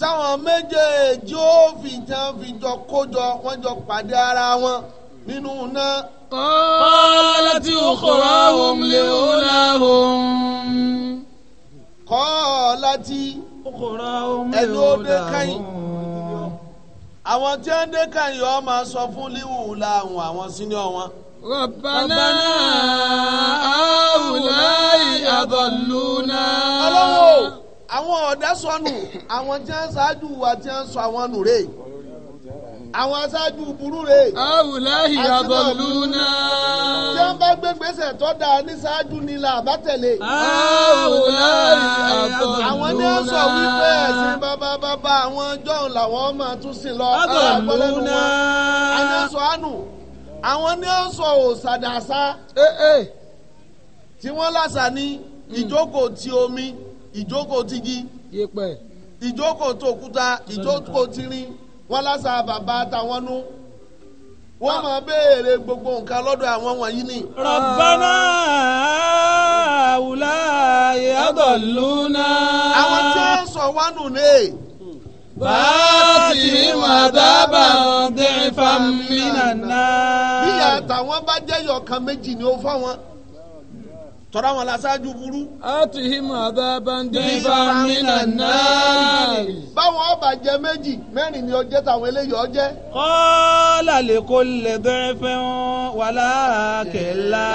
táwọn méjèèjì ó fi jẹun fi jọ kójọ wọ́n jọ pàdé ara wọn nínú iná. kọ́lẹ́tì òkúra òun lè òun òun. kọ́lẹ́tì òkúra òun lè òun òun. ẹni ó dé káyìn àwọn tí wọ́n dé káyìn ọ máa sọ fún líwù làwọn àwọn sínú wọn. Rabbana àwùlá ìyàbọ̀ lùnà. ọlọ́wọ́ àwọn ọ̀dà sọnù àwọn tí wọ́n ṣáájú wa tí wọ́n sọ àwọn nù rè àwọn aṣáájú burú rè. àwùláhì àbọ̀lúnà. tí wọ́n bá gbé gbèsè tó dáa ní ṣáájú ni là bá tẹ̀lé. àwùláhì àbọ̀lúnà. àwọn ní wọ́n sọ wípé ẹ̀sìn bàbá bàbá àwọn jọ̀hún làwọn máa tún sí lọ. àbọ̀lúnà. àwọn sọ àánú àwọn ní wọ́n sọ òṣàdàṣà eh, eh. tí wọ́n lásà ní hmm. ìjókòó ti omi. Mm ìjókòó ti gi yẹ̀pẹ̀ ìjókòó tó òkúta ìjókòó ti rin wọn lásà bàbá àtàwọn nú wọ́n ah. máa béèrè gbogbo nǹkan lọ́dọ̀ àwọn wọ̀nyí ni. rabbana àwùlá yadalluna. àwọn tí wọ́n sọ wá nù lé. báàtì màdábà dẹ́fà mìíràn náà. bí àtàwọn bá jẹ́yọ̀ kan méjì ni ó fáwọn tọ́ra wọn lasáájú burú. a ti hi mu àbábá ndé bá mi nà náà. báwọn ọba jẹ méjì mẹ́rin ni ọjẹ́ táwọn eléyìí ọjẹ́. kọ́lá lè kó lè bẹ́rẹ̀ fẹ́ wọn wàlá kẹlá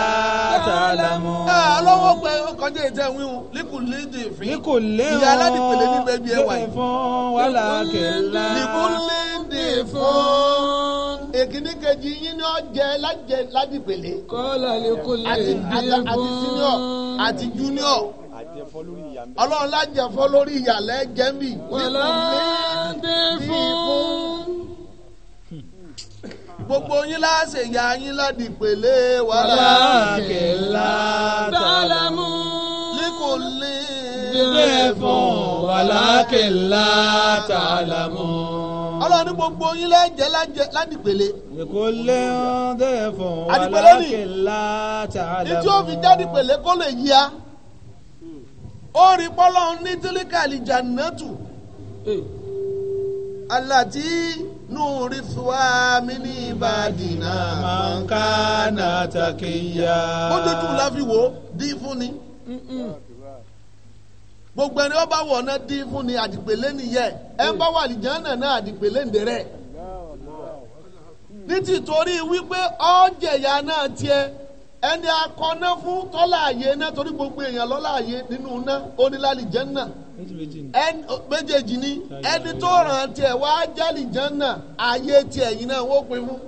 tàlámù. ẹ alọ́wọ́ pé kọjá ìtẹ̀ wíwọ̀n líkùlé dè fín. líkùlé wọn ìyá aládìpẹ̀lẹ̀ nígbà ibi ẹwà yìí. líkùlé fún wàlá kẹlá. líkùlé dè fún èkìní kejì yín ni ó jẹ lájẹ lájìpèlé. kọ́lá lè kó lè dé bọ́n. àti senior àti junior ọlọ́run lájẹ̀fọ́ lórí ìyàlẹ́ jẹ́mì. wàlá dé fún. gbogbo yín láṣẹ ìyá yín láti pèlè wàlá kẹlá tàlámù. líkò lè dé fún wàlá kẹlá tàlámù ọlọ́run ní gbogbo yín lẹ́jẹ̀ ládìpele. èkó lé ọ́n dẹ́ fún wa lákèlá tààdà mọ́. ní tí ó fi jádìpele kó lè yí a ó rí pọ́lọ́run ní tílíkàlì jàǹnàtù aláti nùrí fúwámi ní ìbàdìnnà mọ̀ọ́ká nàtàkìyà. ó dojú la fi wò dín fún ni. gbogbo ẹni ọba wọ̀ náà dín fún ni àdìpẹ̀lẹ́ nìyẹn ẹ bá wà àlìjáná náà àdìpẹ̀lẹ́ ǹdẹ̀rẹ̀ ní tìtorí wípé ọ̀jẹ̀yà náà tiẹ̀ ẹni akọ́ná fún tọ́lá àyè náà torí gbogbo èèyàn lọ́lá àyè nínú náà onílàlìjáná méjèèjì ni ẹni tó ràn tiẹ̀ wá jálìjáná àyè tiẹ̀ yìí náà wọ́n pè fún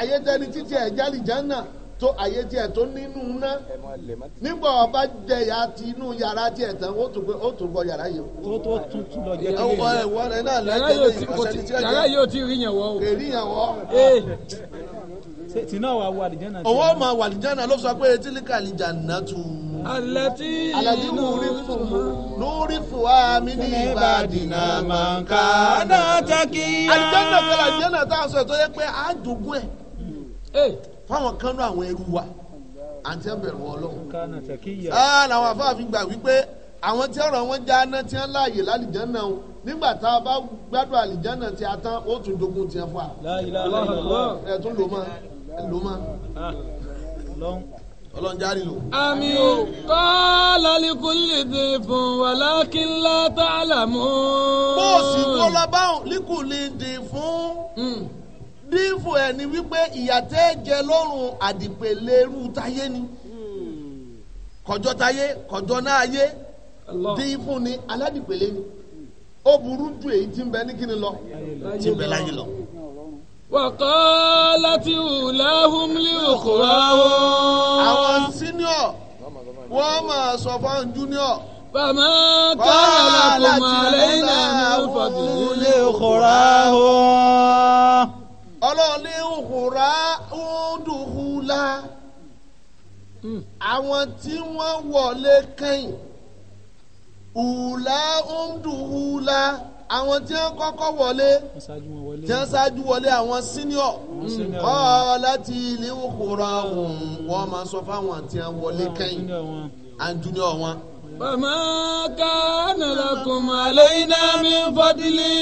àyè tẹni títí ẹ̀ tó àyè tiẹ̀ tó nínú ná nígbà ọba jẹyà ti inú yàrá tiẹ̀ tán ó tún bọ yàrá yìí. ó tó tutù lọ jẹ kí yàrá yóò ti rí yàn wọ o. èrì yàn wọ. Eh. tìǹà wà wà àlìjáná. owó ma wà àlìjáná ló sọ pé etílíkà àlìjáná tù. alẹ́tí alẹ́tí wúrí fún lórí fún wa mi ní ìbàdìnnà máa ń ká. adájọ́ kí á. àlìjáná kan àlìjáná tá a sọ fáwọn kan náà àwọn ẹrú wa àti ẹbẹ̀rù ọlọ́run. ẹ ah, làwọn afáàfin gbà wípé àwọn tí ọ̀rọ̀ wọn já tí wọ́n láàyè lálìjánná o nígbà tá a bá gbádùn àlìjánná tí a tán ó tún dogun tiẹ̀ fún wa. ẹ tún lò mọ ẹ lò mọ. Ah, ọlọ́run járe lò. àmì kọ́lá likúlì dìbùn walakin la lọ báwọn likúlì dìbùn dífù ẹ̀ ni wípé ìyà tẹ́ jẹ lọ́rùn àdìpẹ̀lẹ́rù táyé ni kọjọ́ táyé kọjọ́ náà yé dífù ni aládìpẹ̀lẹ́ ni ó burú ju èyí tí ń bẹ ní kíni lọ tí ń bẹ láyé lọ. وقالت أولاهم لأخراهم àwọn senior wọ́n máa sọ fáwọn junior. فما كان لكم علينا من فضل لأخراهم àwòrá ọ̀dùnkúlá hmm. àwọn tí wọ́n wọlé kẹ́yìn ùlà ọ̀dùnkúlá àwọn tí wọ́n kọ́kọ́ wọlé tí wọ́n ṣáájú wọlé àwọn sínìọ̀ kọ́ láti ilé òkúra òun wọ́n máa sọ fáwọn tí wọ́n wọlé kẹ́yìn àjùnìọ̀ wọn. bàmá kánà lakum alayna min fadli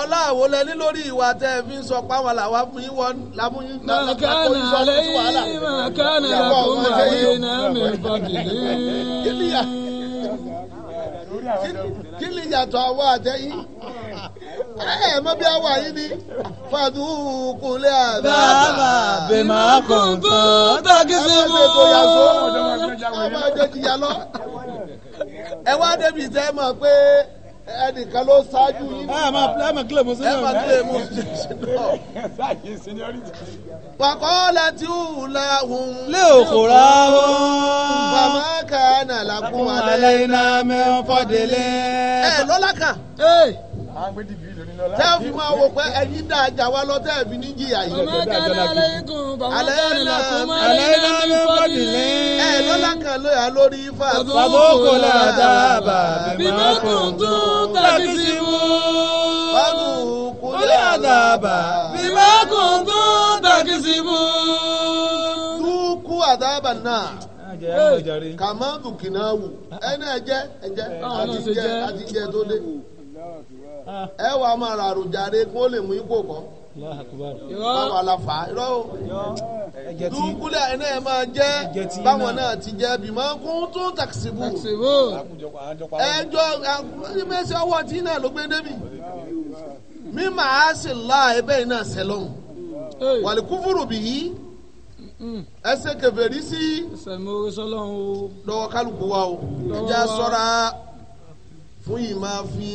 ọláwo lẹni lórí ìwà tẹ ẹ fi ń sọ páwọn làwa fún yín wọn lámúyín náà kó yín sọ fún sí wàhálà ìyàwó ọmọ ṣe yìí kí ni yàtọ̀ àwọn àtẹ̀yìn ẹ mọ bí àwọn àyín ni fàdúkùnlé àbá. bàbá bèmà kòńtò dákìsí mú. ẹ wá débi tẹ́ mọ̀ pé ẹnìkan ló ṣáájú yín. ẹ máa pilẹ̀ máa kílẹ̀ mọ́ sínú ọ̀rẹ́. ẹ máa kílẹ̀ mọ́ sínú ọ̀rẹ́. ṣáàyè seniority. wàkọ́lá tí ò la òun. lé òkúra o. bàbá kan náà làkún alẹ́ iná mẹ́fọ́délé. ẹ lọ́lá kan tẹ́ ò fi máa wò pé ẹni dá ajá wa lọ tẹ́ ẹ̀ fi ní yìí. ọmọ kan aláìkún bàbá kan là kún mọ́ ẹ̀yìn náà ní fọ́dìlẹ́. ẹ lọ́la kan ló yà lórí ifá. àbókò là dábà bí má kùn tún tàbí sí wú. kúlẹ̀ àdàbà bí má kùn tún tàbí sí wú. dúkú àdàbà náà kàmá dùkìnnà wù ẹni ẹjẹ ẹjẹ àti jẹ àti jẹ tó dé ẹ wà á máa ràrò jàre kí wọ́n lè mú ipò kọ́ báwa la fà á irọ́ o dúkúlẹ̀ iná ẹ̀ máa jẹ́ báwọn náà ti jẹ́ bí máa kún tún takisibu ẹjọ́ mẹ́sì ọwọ́ tí náà ló gbé débi mi màá sì la ẹbẹ́ iná sẹlọ́n wàlíkúfúrú bìí ẹsẹ kẹfẹẹri sí. sẹmúre sọlọ́run o. lọ́wọ́ kálukú wa o. ìjà sọ́ra fún yìí máa fi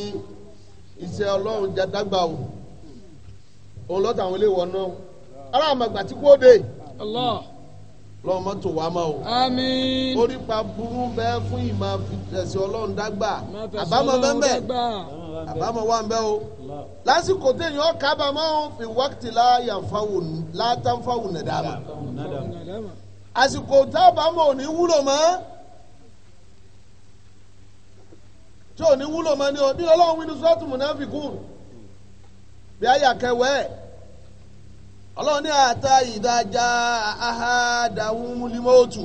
iṣẹ́ ọlọ́run jádágbà o òun lọ́tà àwọn ilé ìwọ̀n náà ará àmàgbà tí kò dé lọ́wọ́ mọ́tò wa mọ́ o. àmín. orípa burú bẹ́ẹ̀ fún ìmọ̀ fìtẹ̀sí ọlọ́run dágbà àbámọ̀ bẹ́ẹ̀ àbámọ̀ wà bẹ́ẹ̀ o. lásìkò téèyàn ọ̀ka fi wákìtì látàǹfàwò nàdàmà. àsìkò tábàámọ̀ ò ní wúlò mọ́. tí ò ní wúlò mọ́ ni o bí ọlọ́run wí ní sọ́ọ̀tù mùnáfíkùn bí àyà kẹwẹ́ ọlọ́run ní àtà ìdájà ahádàwùmùlímọ́ọ̀tù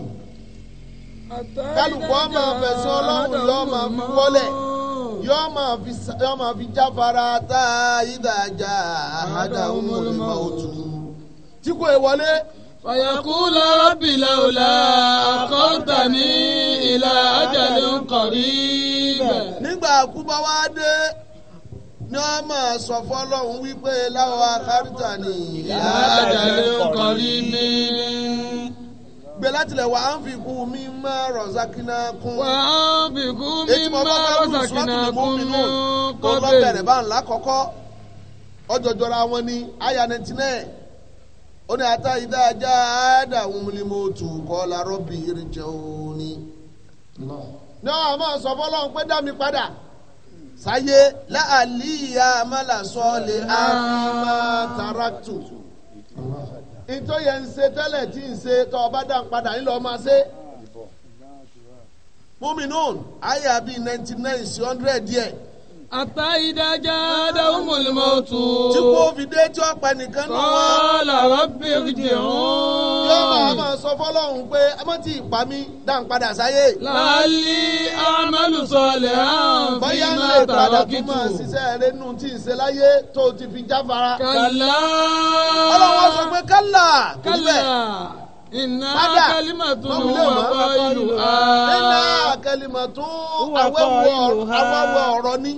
kálukú ọmọ fẹsẹ̀ ọlọ́run yọ máa fi wọlé yọ máa fi jáfara àtà ìdájà ahádàwùmùlímọ́ọ̀tù tí kò wọlé. فيقول رب لولا أخرتني إلى أجل قريب akụba wá dé ni wọ́n sọ fọ́lọ́hún wípé láwọn akárítà ni. Ìyáàdàlẹ́ ọkọ̀ rí mi. Gbé láti lẹ̀ wá ń fi mi máa rọ̀zákínà kún. Wà á fi kún mi máa rọ̀zákínà kún mi kó wọn ni àyà ninety nine ó ní ata ni mo tù kọ́ la rọ́bì irin náà a máa sọ fọlọ́run pé dá mi padà sáyé láàlì ìyá amálàsọ lè àmà tàràtù ìtọ́ yẹn ń ṣe tẹ́lẹ̀ tí ń ṣe tọ́ ọba dá padà nílò máa ṣe múmi nù àyà bíi ninety nine sí hundred díẹ̀. Àtá ìdájà dáhùn mọ̀lẹ́mọ̀tò. Tí kò fi dé tí ọ̀pẹ nìkan náà wá. Sọ́ọ́lá rọ́bì ìdìrún. Yóò máa máa sọ fọ́lọ́hún pé ọmọ tí ìpa mi dá ń padà sáyé. Láàlí Amálùsọ̀lẹ̀ àǹfì máa tààrà kìtù. Bọ́yá lè padà kí máa ṣiṣẹ́ rẹ nù tí ì ṣe láyé tó ti fi jáfara. Kàlá. Ọlọ́wọ́ sọ pé kálà. Kálà iná kálímàtú ni wọ́n kọ́ ìlú. Iná kálímàtú awẹ́wọ̀ ọ̀rọ̀ ni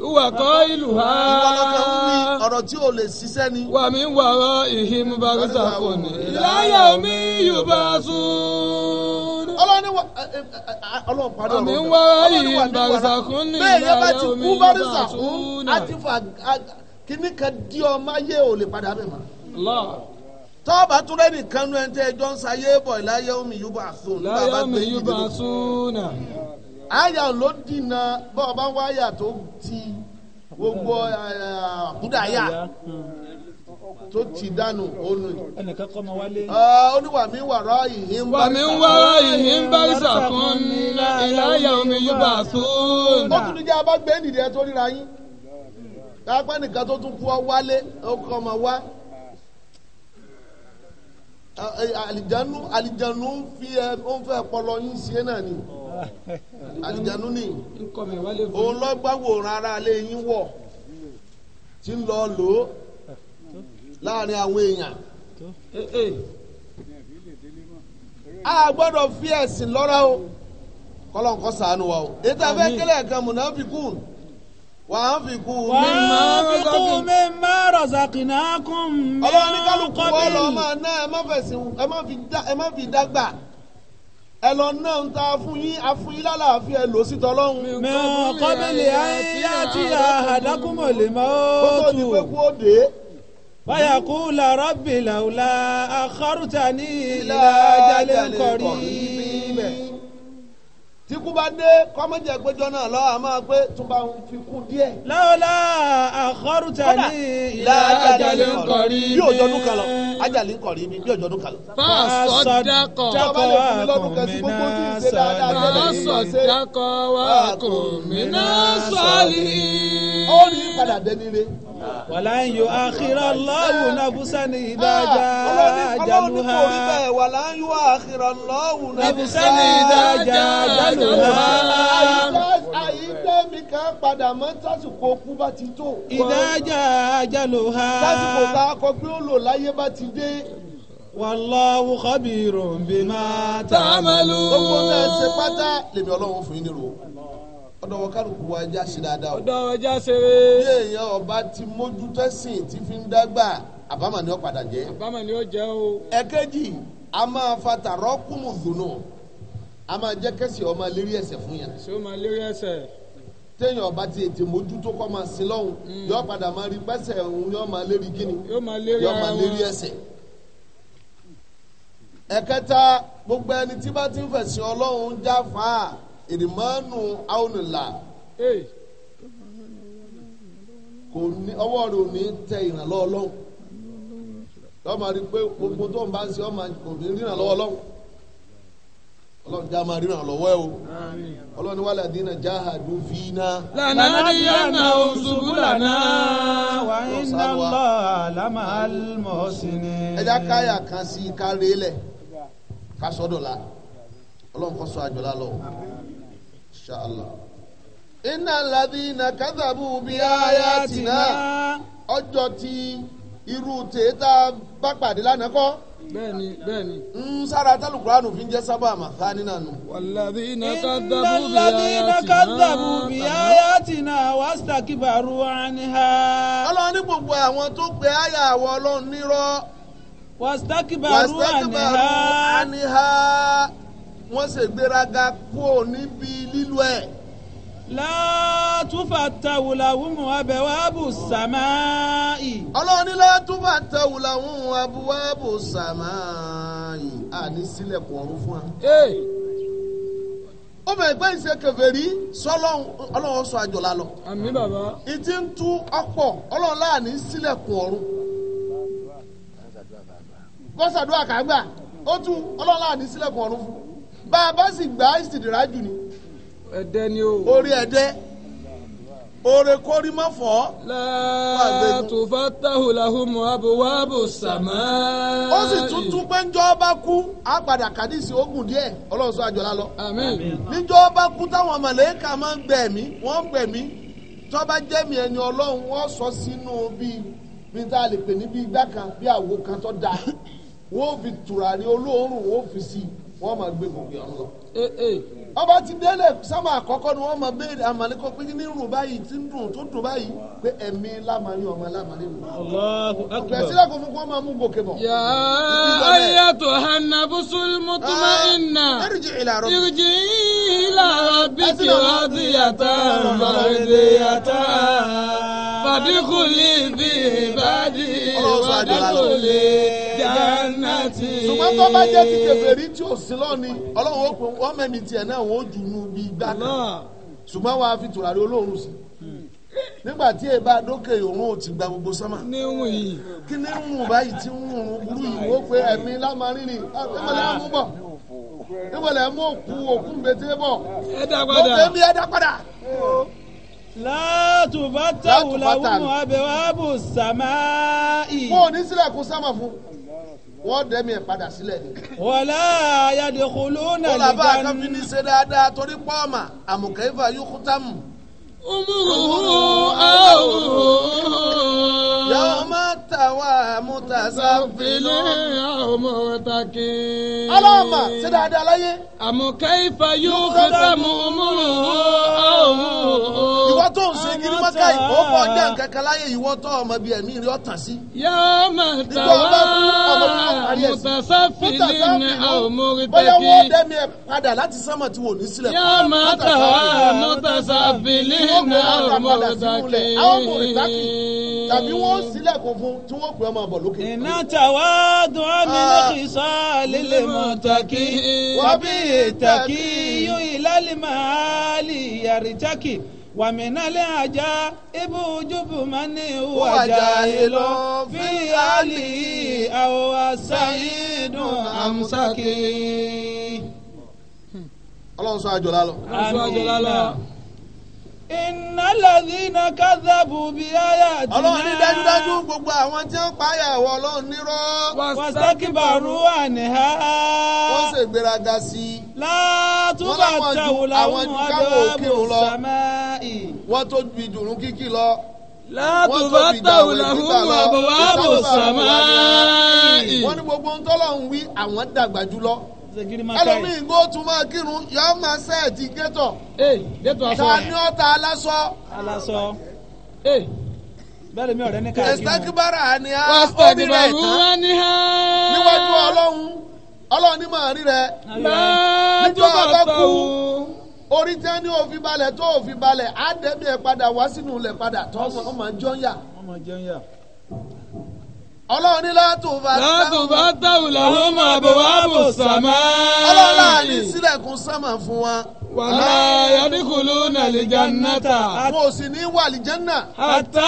wà kọ́ ìlú ha. ìwọ lọ́kàn ń wí ọ̀rọ̀ tí ò lè ṣiṣẹ́ ni. wà mí wàrọ̀ ìhìn barisa kò ní. láyà mi yorùbá sùn. ọlọ́ni wà ọlọ́run parí ọ̀rọ̀ mi. àmì wàrọ̀ ìhìn barisa kò ní. bẹ́ẹ̀ yẹn bá ti kú barisa kún á ti fà kíní kan di ọmọ ayé lè padà bẹ̀ mọ́. tọ́ọ̀bù àtúrẹ́ nìkan nu ẹni tẹ́ ẹjọ́ ń sayé bọ̀ láyà omi yorùbá sùn. láyà omi yorùbá aya ló dìnnà bọ́ọ̀ bá ti gbogbo eh, ya tó ti dànù ònù. ẹnìkan ma oníwà mi wà rọ ìhín bá ìsàkún. ìhín bá ìláyà omi yúbà sóòlù. ó tún ní jẹ́ abágbé nìdí ẹ tó ríra yín. nìkan àlìjánu àlìjánu fi ẹ ó ń fẹ́ pọlọ yín ṣe náà ni àlìjánu ni òun lọ gbàgbó rárá lé yín wọ̀ tí ń lọ lò ó láàrin àwọn èèyàn a gbọ́dọ̀ fi ẹ̀sìn lọ́ra o kọ́lọ́nkọ́ ṣàánú wa o ètò abẹ́kẹ́lẹ́ kan mùnàfíkùn. wàáfikù mímá razaqnakum min qabli. ọlọ́run ní kálukú ọlọ́ ọmọ náà ẹ má fẹ̀sìn ẹ má fi dágbà ẹ lọ náà ń ta fún yín afún yín lálàáfíà ẹ lò sí tọlọ́hún. min qabli an ya'tiya ahadakumul mawtu. ó tó ní pé kú ó dé. fayaqula rabbi lawla akhartani ila ajalin qarib tí kú bá dé kọ́mọ́jẹ́ péjọ náà lọ a máa pé tún bá ń fi kún díẹ̀. láwọlá àkọ́rùtà ní ìlà àjàlí ń kọrí mi. bí òjòdún kan lọ àjàlí ń kọrí mi bí òjòdún kan lọ. fàṣọ dákọ wà kò mí náà sọ̀lì. ó ní padà dẹ́ni re wàlá ń yọ àkírà lọ́wọ́ náà bùsànì ìdájà jàlùhà. wàlá ń yọ àkírà lọ́wọ́ náà bùsànì ìdájà jàlùhà. àyíkẹ́ mi kan padà mọ́ sásìkò okú bá ti tó. ìdájà jàlùhà. sásìkò tá a pé ó lò láyé bá ti dé. Wallahu khabirun bima ta'malu. gbogbo náà ṣe pátá lèmi ọlọ́run fún yín nírò ọ̀dọ̀ wọn kálukú wa já ṣe dáadáa o. ọ̀dọ̀ wọn já ṣe rere. bí èèyàn ọba ti mójútó sìn tí fi ń dágbà àbámọ̀ ni ó padà jẹ́. àbámọ̀ ni ó jẹ́ o. ẹ̀kejì a máa fa tààrọ́ kùmù dùnú a máa jẹ́ kẹ́sì ọmọ lérí ẹ̀ṣẹ̀ fún yàn. ṣé o máa lérí ẹ̀ṣẹ̀? téèyàn ọba ti ètè mójútó kọ́ máa sin lọ́hùn hmm. yóò padà máa rí pẹ́sẹ̀ òun yóò máa lérí kíni yóò máa lérí ẹ̀ṣẹ̀. ẹ̀kẹta gbogbo ẹni tí bá ti ń fẹ̀sìn Ọlọ́run jáfàá ìdìmọ́nù aunula kò ní ọwọ́ rẹ̀ ò ní tẹ ìrànlọ́wọ́ Ọlọ́run lọ́mọ rí pé gbogbo tó ń bá ń ṣe ọmọ kò ní rírànlọ́wọ́ ọlọ́run já máa ẹ o ọlọ́run lànà lànà wà iná lọ àlámà àlùmọ́sìnì. ẹja káyà kan sí i ká rélẹ̀ ká sọ́dọ̀ la sọ insha allah iná ladina kátàbù bí ayá tìǹà ọjọ́ ti irú tèétà bá pàdé lánàá kọ́ bẹ́ẹ̀ni bẹ́ẹ̀ni. n sara talu kuranu fi jẹ sábà ma sani na nu. waladina kadabu bi ayatina. waladina kadabu bi ayatina wasakibaru aniha. ọlọ́run ní gbogbo àwọn tó pe àyà àwọn ọlọ́run nírọ́. wasakibaru aniha. wasakibaru aniha wọ́n ṣègbéraga kúò níbi lílo ẹ̀. látúfà tawùlàwùmù abẹ́wàbù sàmáì. ọlọ́run ní látúfà tawùlàwùmù abẹ́wàbù sàmáì. àní sílẹ̀kùn ọ̀run fún wa. ó bẹ̀rẹ̀ pé ìṣe kèfèrí sọlọ́run ọlọ́run sọ àjọlá lọ. àmín bàbá. ìtì ń tú ọ̀pọ̀ ọlọ́run láàní sílẹ̀kùn ọ̀run. kọ́sàdúrà kàgbà ó tún ọlọ́run láàní sílẹ̀kùn ọ̀run fún un bá a bá sì gbá ìsìdìrà jù ni. ẹ̀dẹ́ ni o. orí ẹ̀dẹ́ ore kori ma fọ. látòfà tahùlàhùmù abòwábò sàmà. ó sì tún tún pé njọ́ bá kú á padà kàdísì ogun díẹ̀ ọlọ́run sọ àjọlá lọ. níjọ́ bá kú táwọn mọ̀lẹ́kà máa ń gbẹ̀mí wọ́n ń gbẹ̀mí tó bá jẹ́mi ẹni ọlọ́run wọ́n sọ sínú bíi bíi tá a lè pè ní bíi igbá kan àwo kan tó dáa wọ́n fi tùràrí olóòórùn wọ́n fi sí i wọ́n máa gbé gòkè ọ̀hún lọ. ọba ti délé sámà àkọ́kọ́ ni wọ́n máa béèrè àmàlẹ́kọ́ pé ní rùn báyìí tí ń dùn tó dùn báyìí pé ẹ̀mí lámàrí ọmọ lámàrí nù. ìgbésílẹ̀ kò fún kí wọ́n máa mú gòkè bọ̀. yà á ayàtọ̀ hànà bùsùn mọ́tòmá ìnà ìrìjì ìlà bìtì rọ́bì yàtà màdìyàtà fàdíkù lè bì àdàlólè jánàtì. ṣùgbọ́n tó bá jẹ́ ti kèfèrí tí ò sí lọ́ni ọlọ́run ó pin wọ́n mẹ́mi tiẹ̀ náà wọ́n ó jù nù bí igbá kan ṣùgbọ́n wàá fi tùràrí olóòórùn sí nígbà tí èèbá dókè òun ò ti gba gbogbo sánmà. níhùn yìí. kí níhùn báyìí tí ń rùn burú yìí wọ́n pe ẹ̀mí lámarin ni ìmọ̀lẹ́ mú bọ̀ ìmọ̀lẹ́ mú òkú òkú ń bẹ tẹ́ bọ̀. ẹ dá padà. mo fẹ́ mi ẹ dá padà látùbátà wùlàwùmù abẹ́wàbù sàmáì. mo ní sílẹ̀kùn sámà fún wọ́n dẹ́mi ẹ̀ padà sílẹ̀ ni. wọ́lá ayádekulú náà lè dáná. wọ́n làbá àkànfin ní ṣe dáadáa torí pọ́ọ̀mà àmùkẹ́fà yókùtàmù. أمره يوم التوى متسفل يوم ارتكي ألاما سيدة علي أم كيف يختم أمره ìwọ tó ń ṣe girimaka yìí ó kọ jẹ́ nǹkan kan láyé ìwọ tó ọmọ bíi ẹ̀mí rẹ̀ ọ̀tàn sí. yóò mọ̀ tá wá mùtàsáfìlì ní àwòmórí tẹ́kí. bóyá wọ́n dẹ́mi ẹ̀ padà láti sánmọ̀ tí wò ní sílẹ̀. yóò mọ̀ tá wá mùtàsáfìlì ní wọ́n kó ọ̀rọ̀ padà sínú lẹ̀ àwọn ọmọ rẹ̀ sákì tàbí wọ́n sílẹ̀ kó fún tí wọ́n pè ọmọ bọ̀ lókè. iná tàwa dùn á lókè sọ lílẹ̀ mọ̀ tàkì wọ́n bí tàkì yóò ìlàlẹ̀ máa lì yàrá wàmínálẹ̀ ajá ibú ojúbù máa ní ìwà ajá ìlọ fi àlì àwọn àṣà ìdùn àmúṣàkì. ọlọ́run sọ àjọ lálọ. àmín iná lẹ́yìn iná kádàbù bí àyà tí náà. ọlọ́run ní dájúdájú gbogbo àwọn tí wọ́n páyà wọ ọlọ́run nírọ́. wàsákìbàrú àníhá. wọ́n ṣe gbéraga sí i. látúbà tẹ̀wò làwọn adé àbùsàmẹ́ ì. wọ́n tó ju ìdùnnú kíkì lọ. látúbà tẹ̀wò làwọn àbùsàmẹ́ ì. wọ́n ní gbogbo ń tọ́lọ̀ ń wí àwọn dàgbà jùlọ ẹlòmíì gbó tún máa kírun yọọ máa sẹẹtì gétọ tani ọta aláṣọ. aláṣọ bẹ́ẹ̀ mi ọ̀rẹ́ ní káàkiri. ẹ̀sìtákìbára ni a omi rẹ̀ tán níwájú ọlọ́run ọlọ́run ní màá rí rẹ̀ níjọ́ ọlọ́kù orí tí wọ́n ní òfin balẹ̀ tó òfin balẹ̀ á dẹ́bi ẹ̀ padà wá sínú ilẹ̀ padà tó ọmọ jọ́yà. ọmọ jọ́yà ọlọ́run ní látùbà látùbà táwọn làwọn máa bọ̀ wá bò sàmà. ọlọ́run àní sílẹ̀kùn sánmà fún wa. wàlá yadikulu nàlìjánátà. mo sì ní wàlìjánà. àtà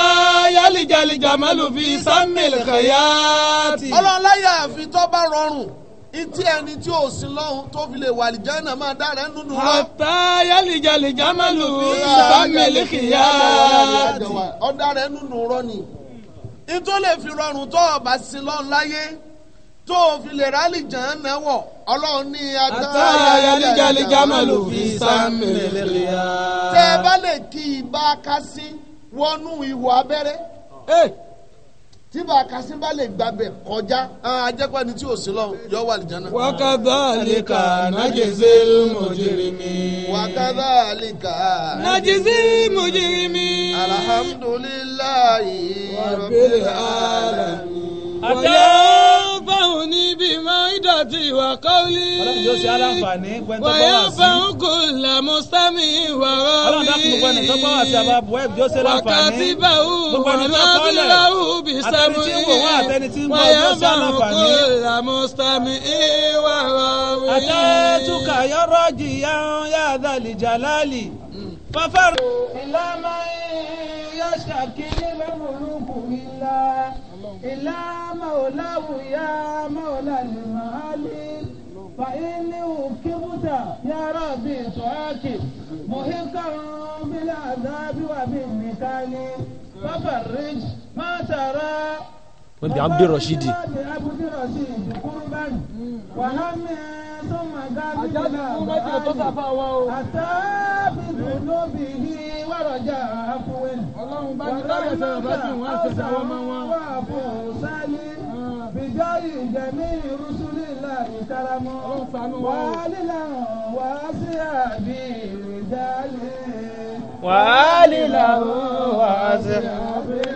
yálìjàlìjà mẹ́lùfì sàmìlì kàyáàtì. ọlọ́run láyà àfi tó bá rọrùn ntí ẹni tí ò sin lọ́hún tó fi lè wà lìjánà máa dára nínú lọ. àtà yálìjàlìjà mẹ́lùfì sàmìlì kàyáàtì. ọ̀dà rẹ̀ nínú rọ ni nítorí lè fi rọrùn tó ọba sí lọ́n láyé tó fi lè rálì jàn án ọlọ́run ní ata ayaya níjàlíjà máa lò fi sàmìlì. tẹ́ ẹ bá lè kí ibà kásí wọnú ihò abẹ́rẹ́ tí bàkásí bá lè gbàgbẹ́ kọjá ajẹ́pẹ́ ni tí ò sí lọ́hùn yọ wà lìjánà. wákàtà àlìkà nájèsè mojìrìmì. wákàtà àlìkà nájèsè mojìrìmì. alhamdulilayi rabbil alamin àtàwọn níbi máa ń dọ̀tí ìwà kọ́lí. ọlọ́run yóò ṣe aláǹfààní pẹ́ńtọ́ bọ́ wá sí. wọ́n yóò bá ń kó làmú sámi ìwà rọ́ọ̀lì. ọlọ́run dákun gbogbo ẹni tó bá wà sí abá buwẹ́ yóò ṣe láǹfààní. sámi. àtẹni tí ń wò wá àtẹni tí ń bọ̀ yóò ṣe yóò bá ń kó làmú إلى مولاه يا مولى المعالي فإني كبت يا ربي تعاكب مهلكا بالعذاب وبالمكان ففرج ما ترى wọ́n bí abdul rasheed. ọlọ́run bá ní àbí ìrìndálẹ̀. wà á lílànà àbí.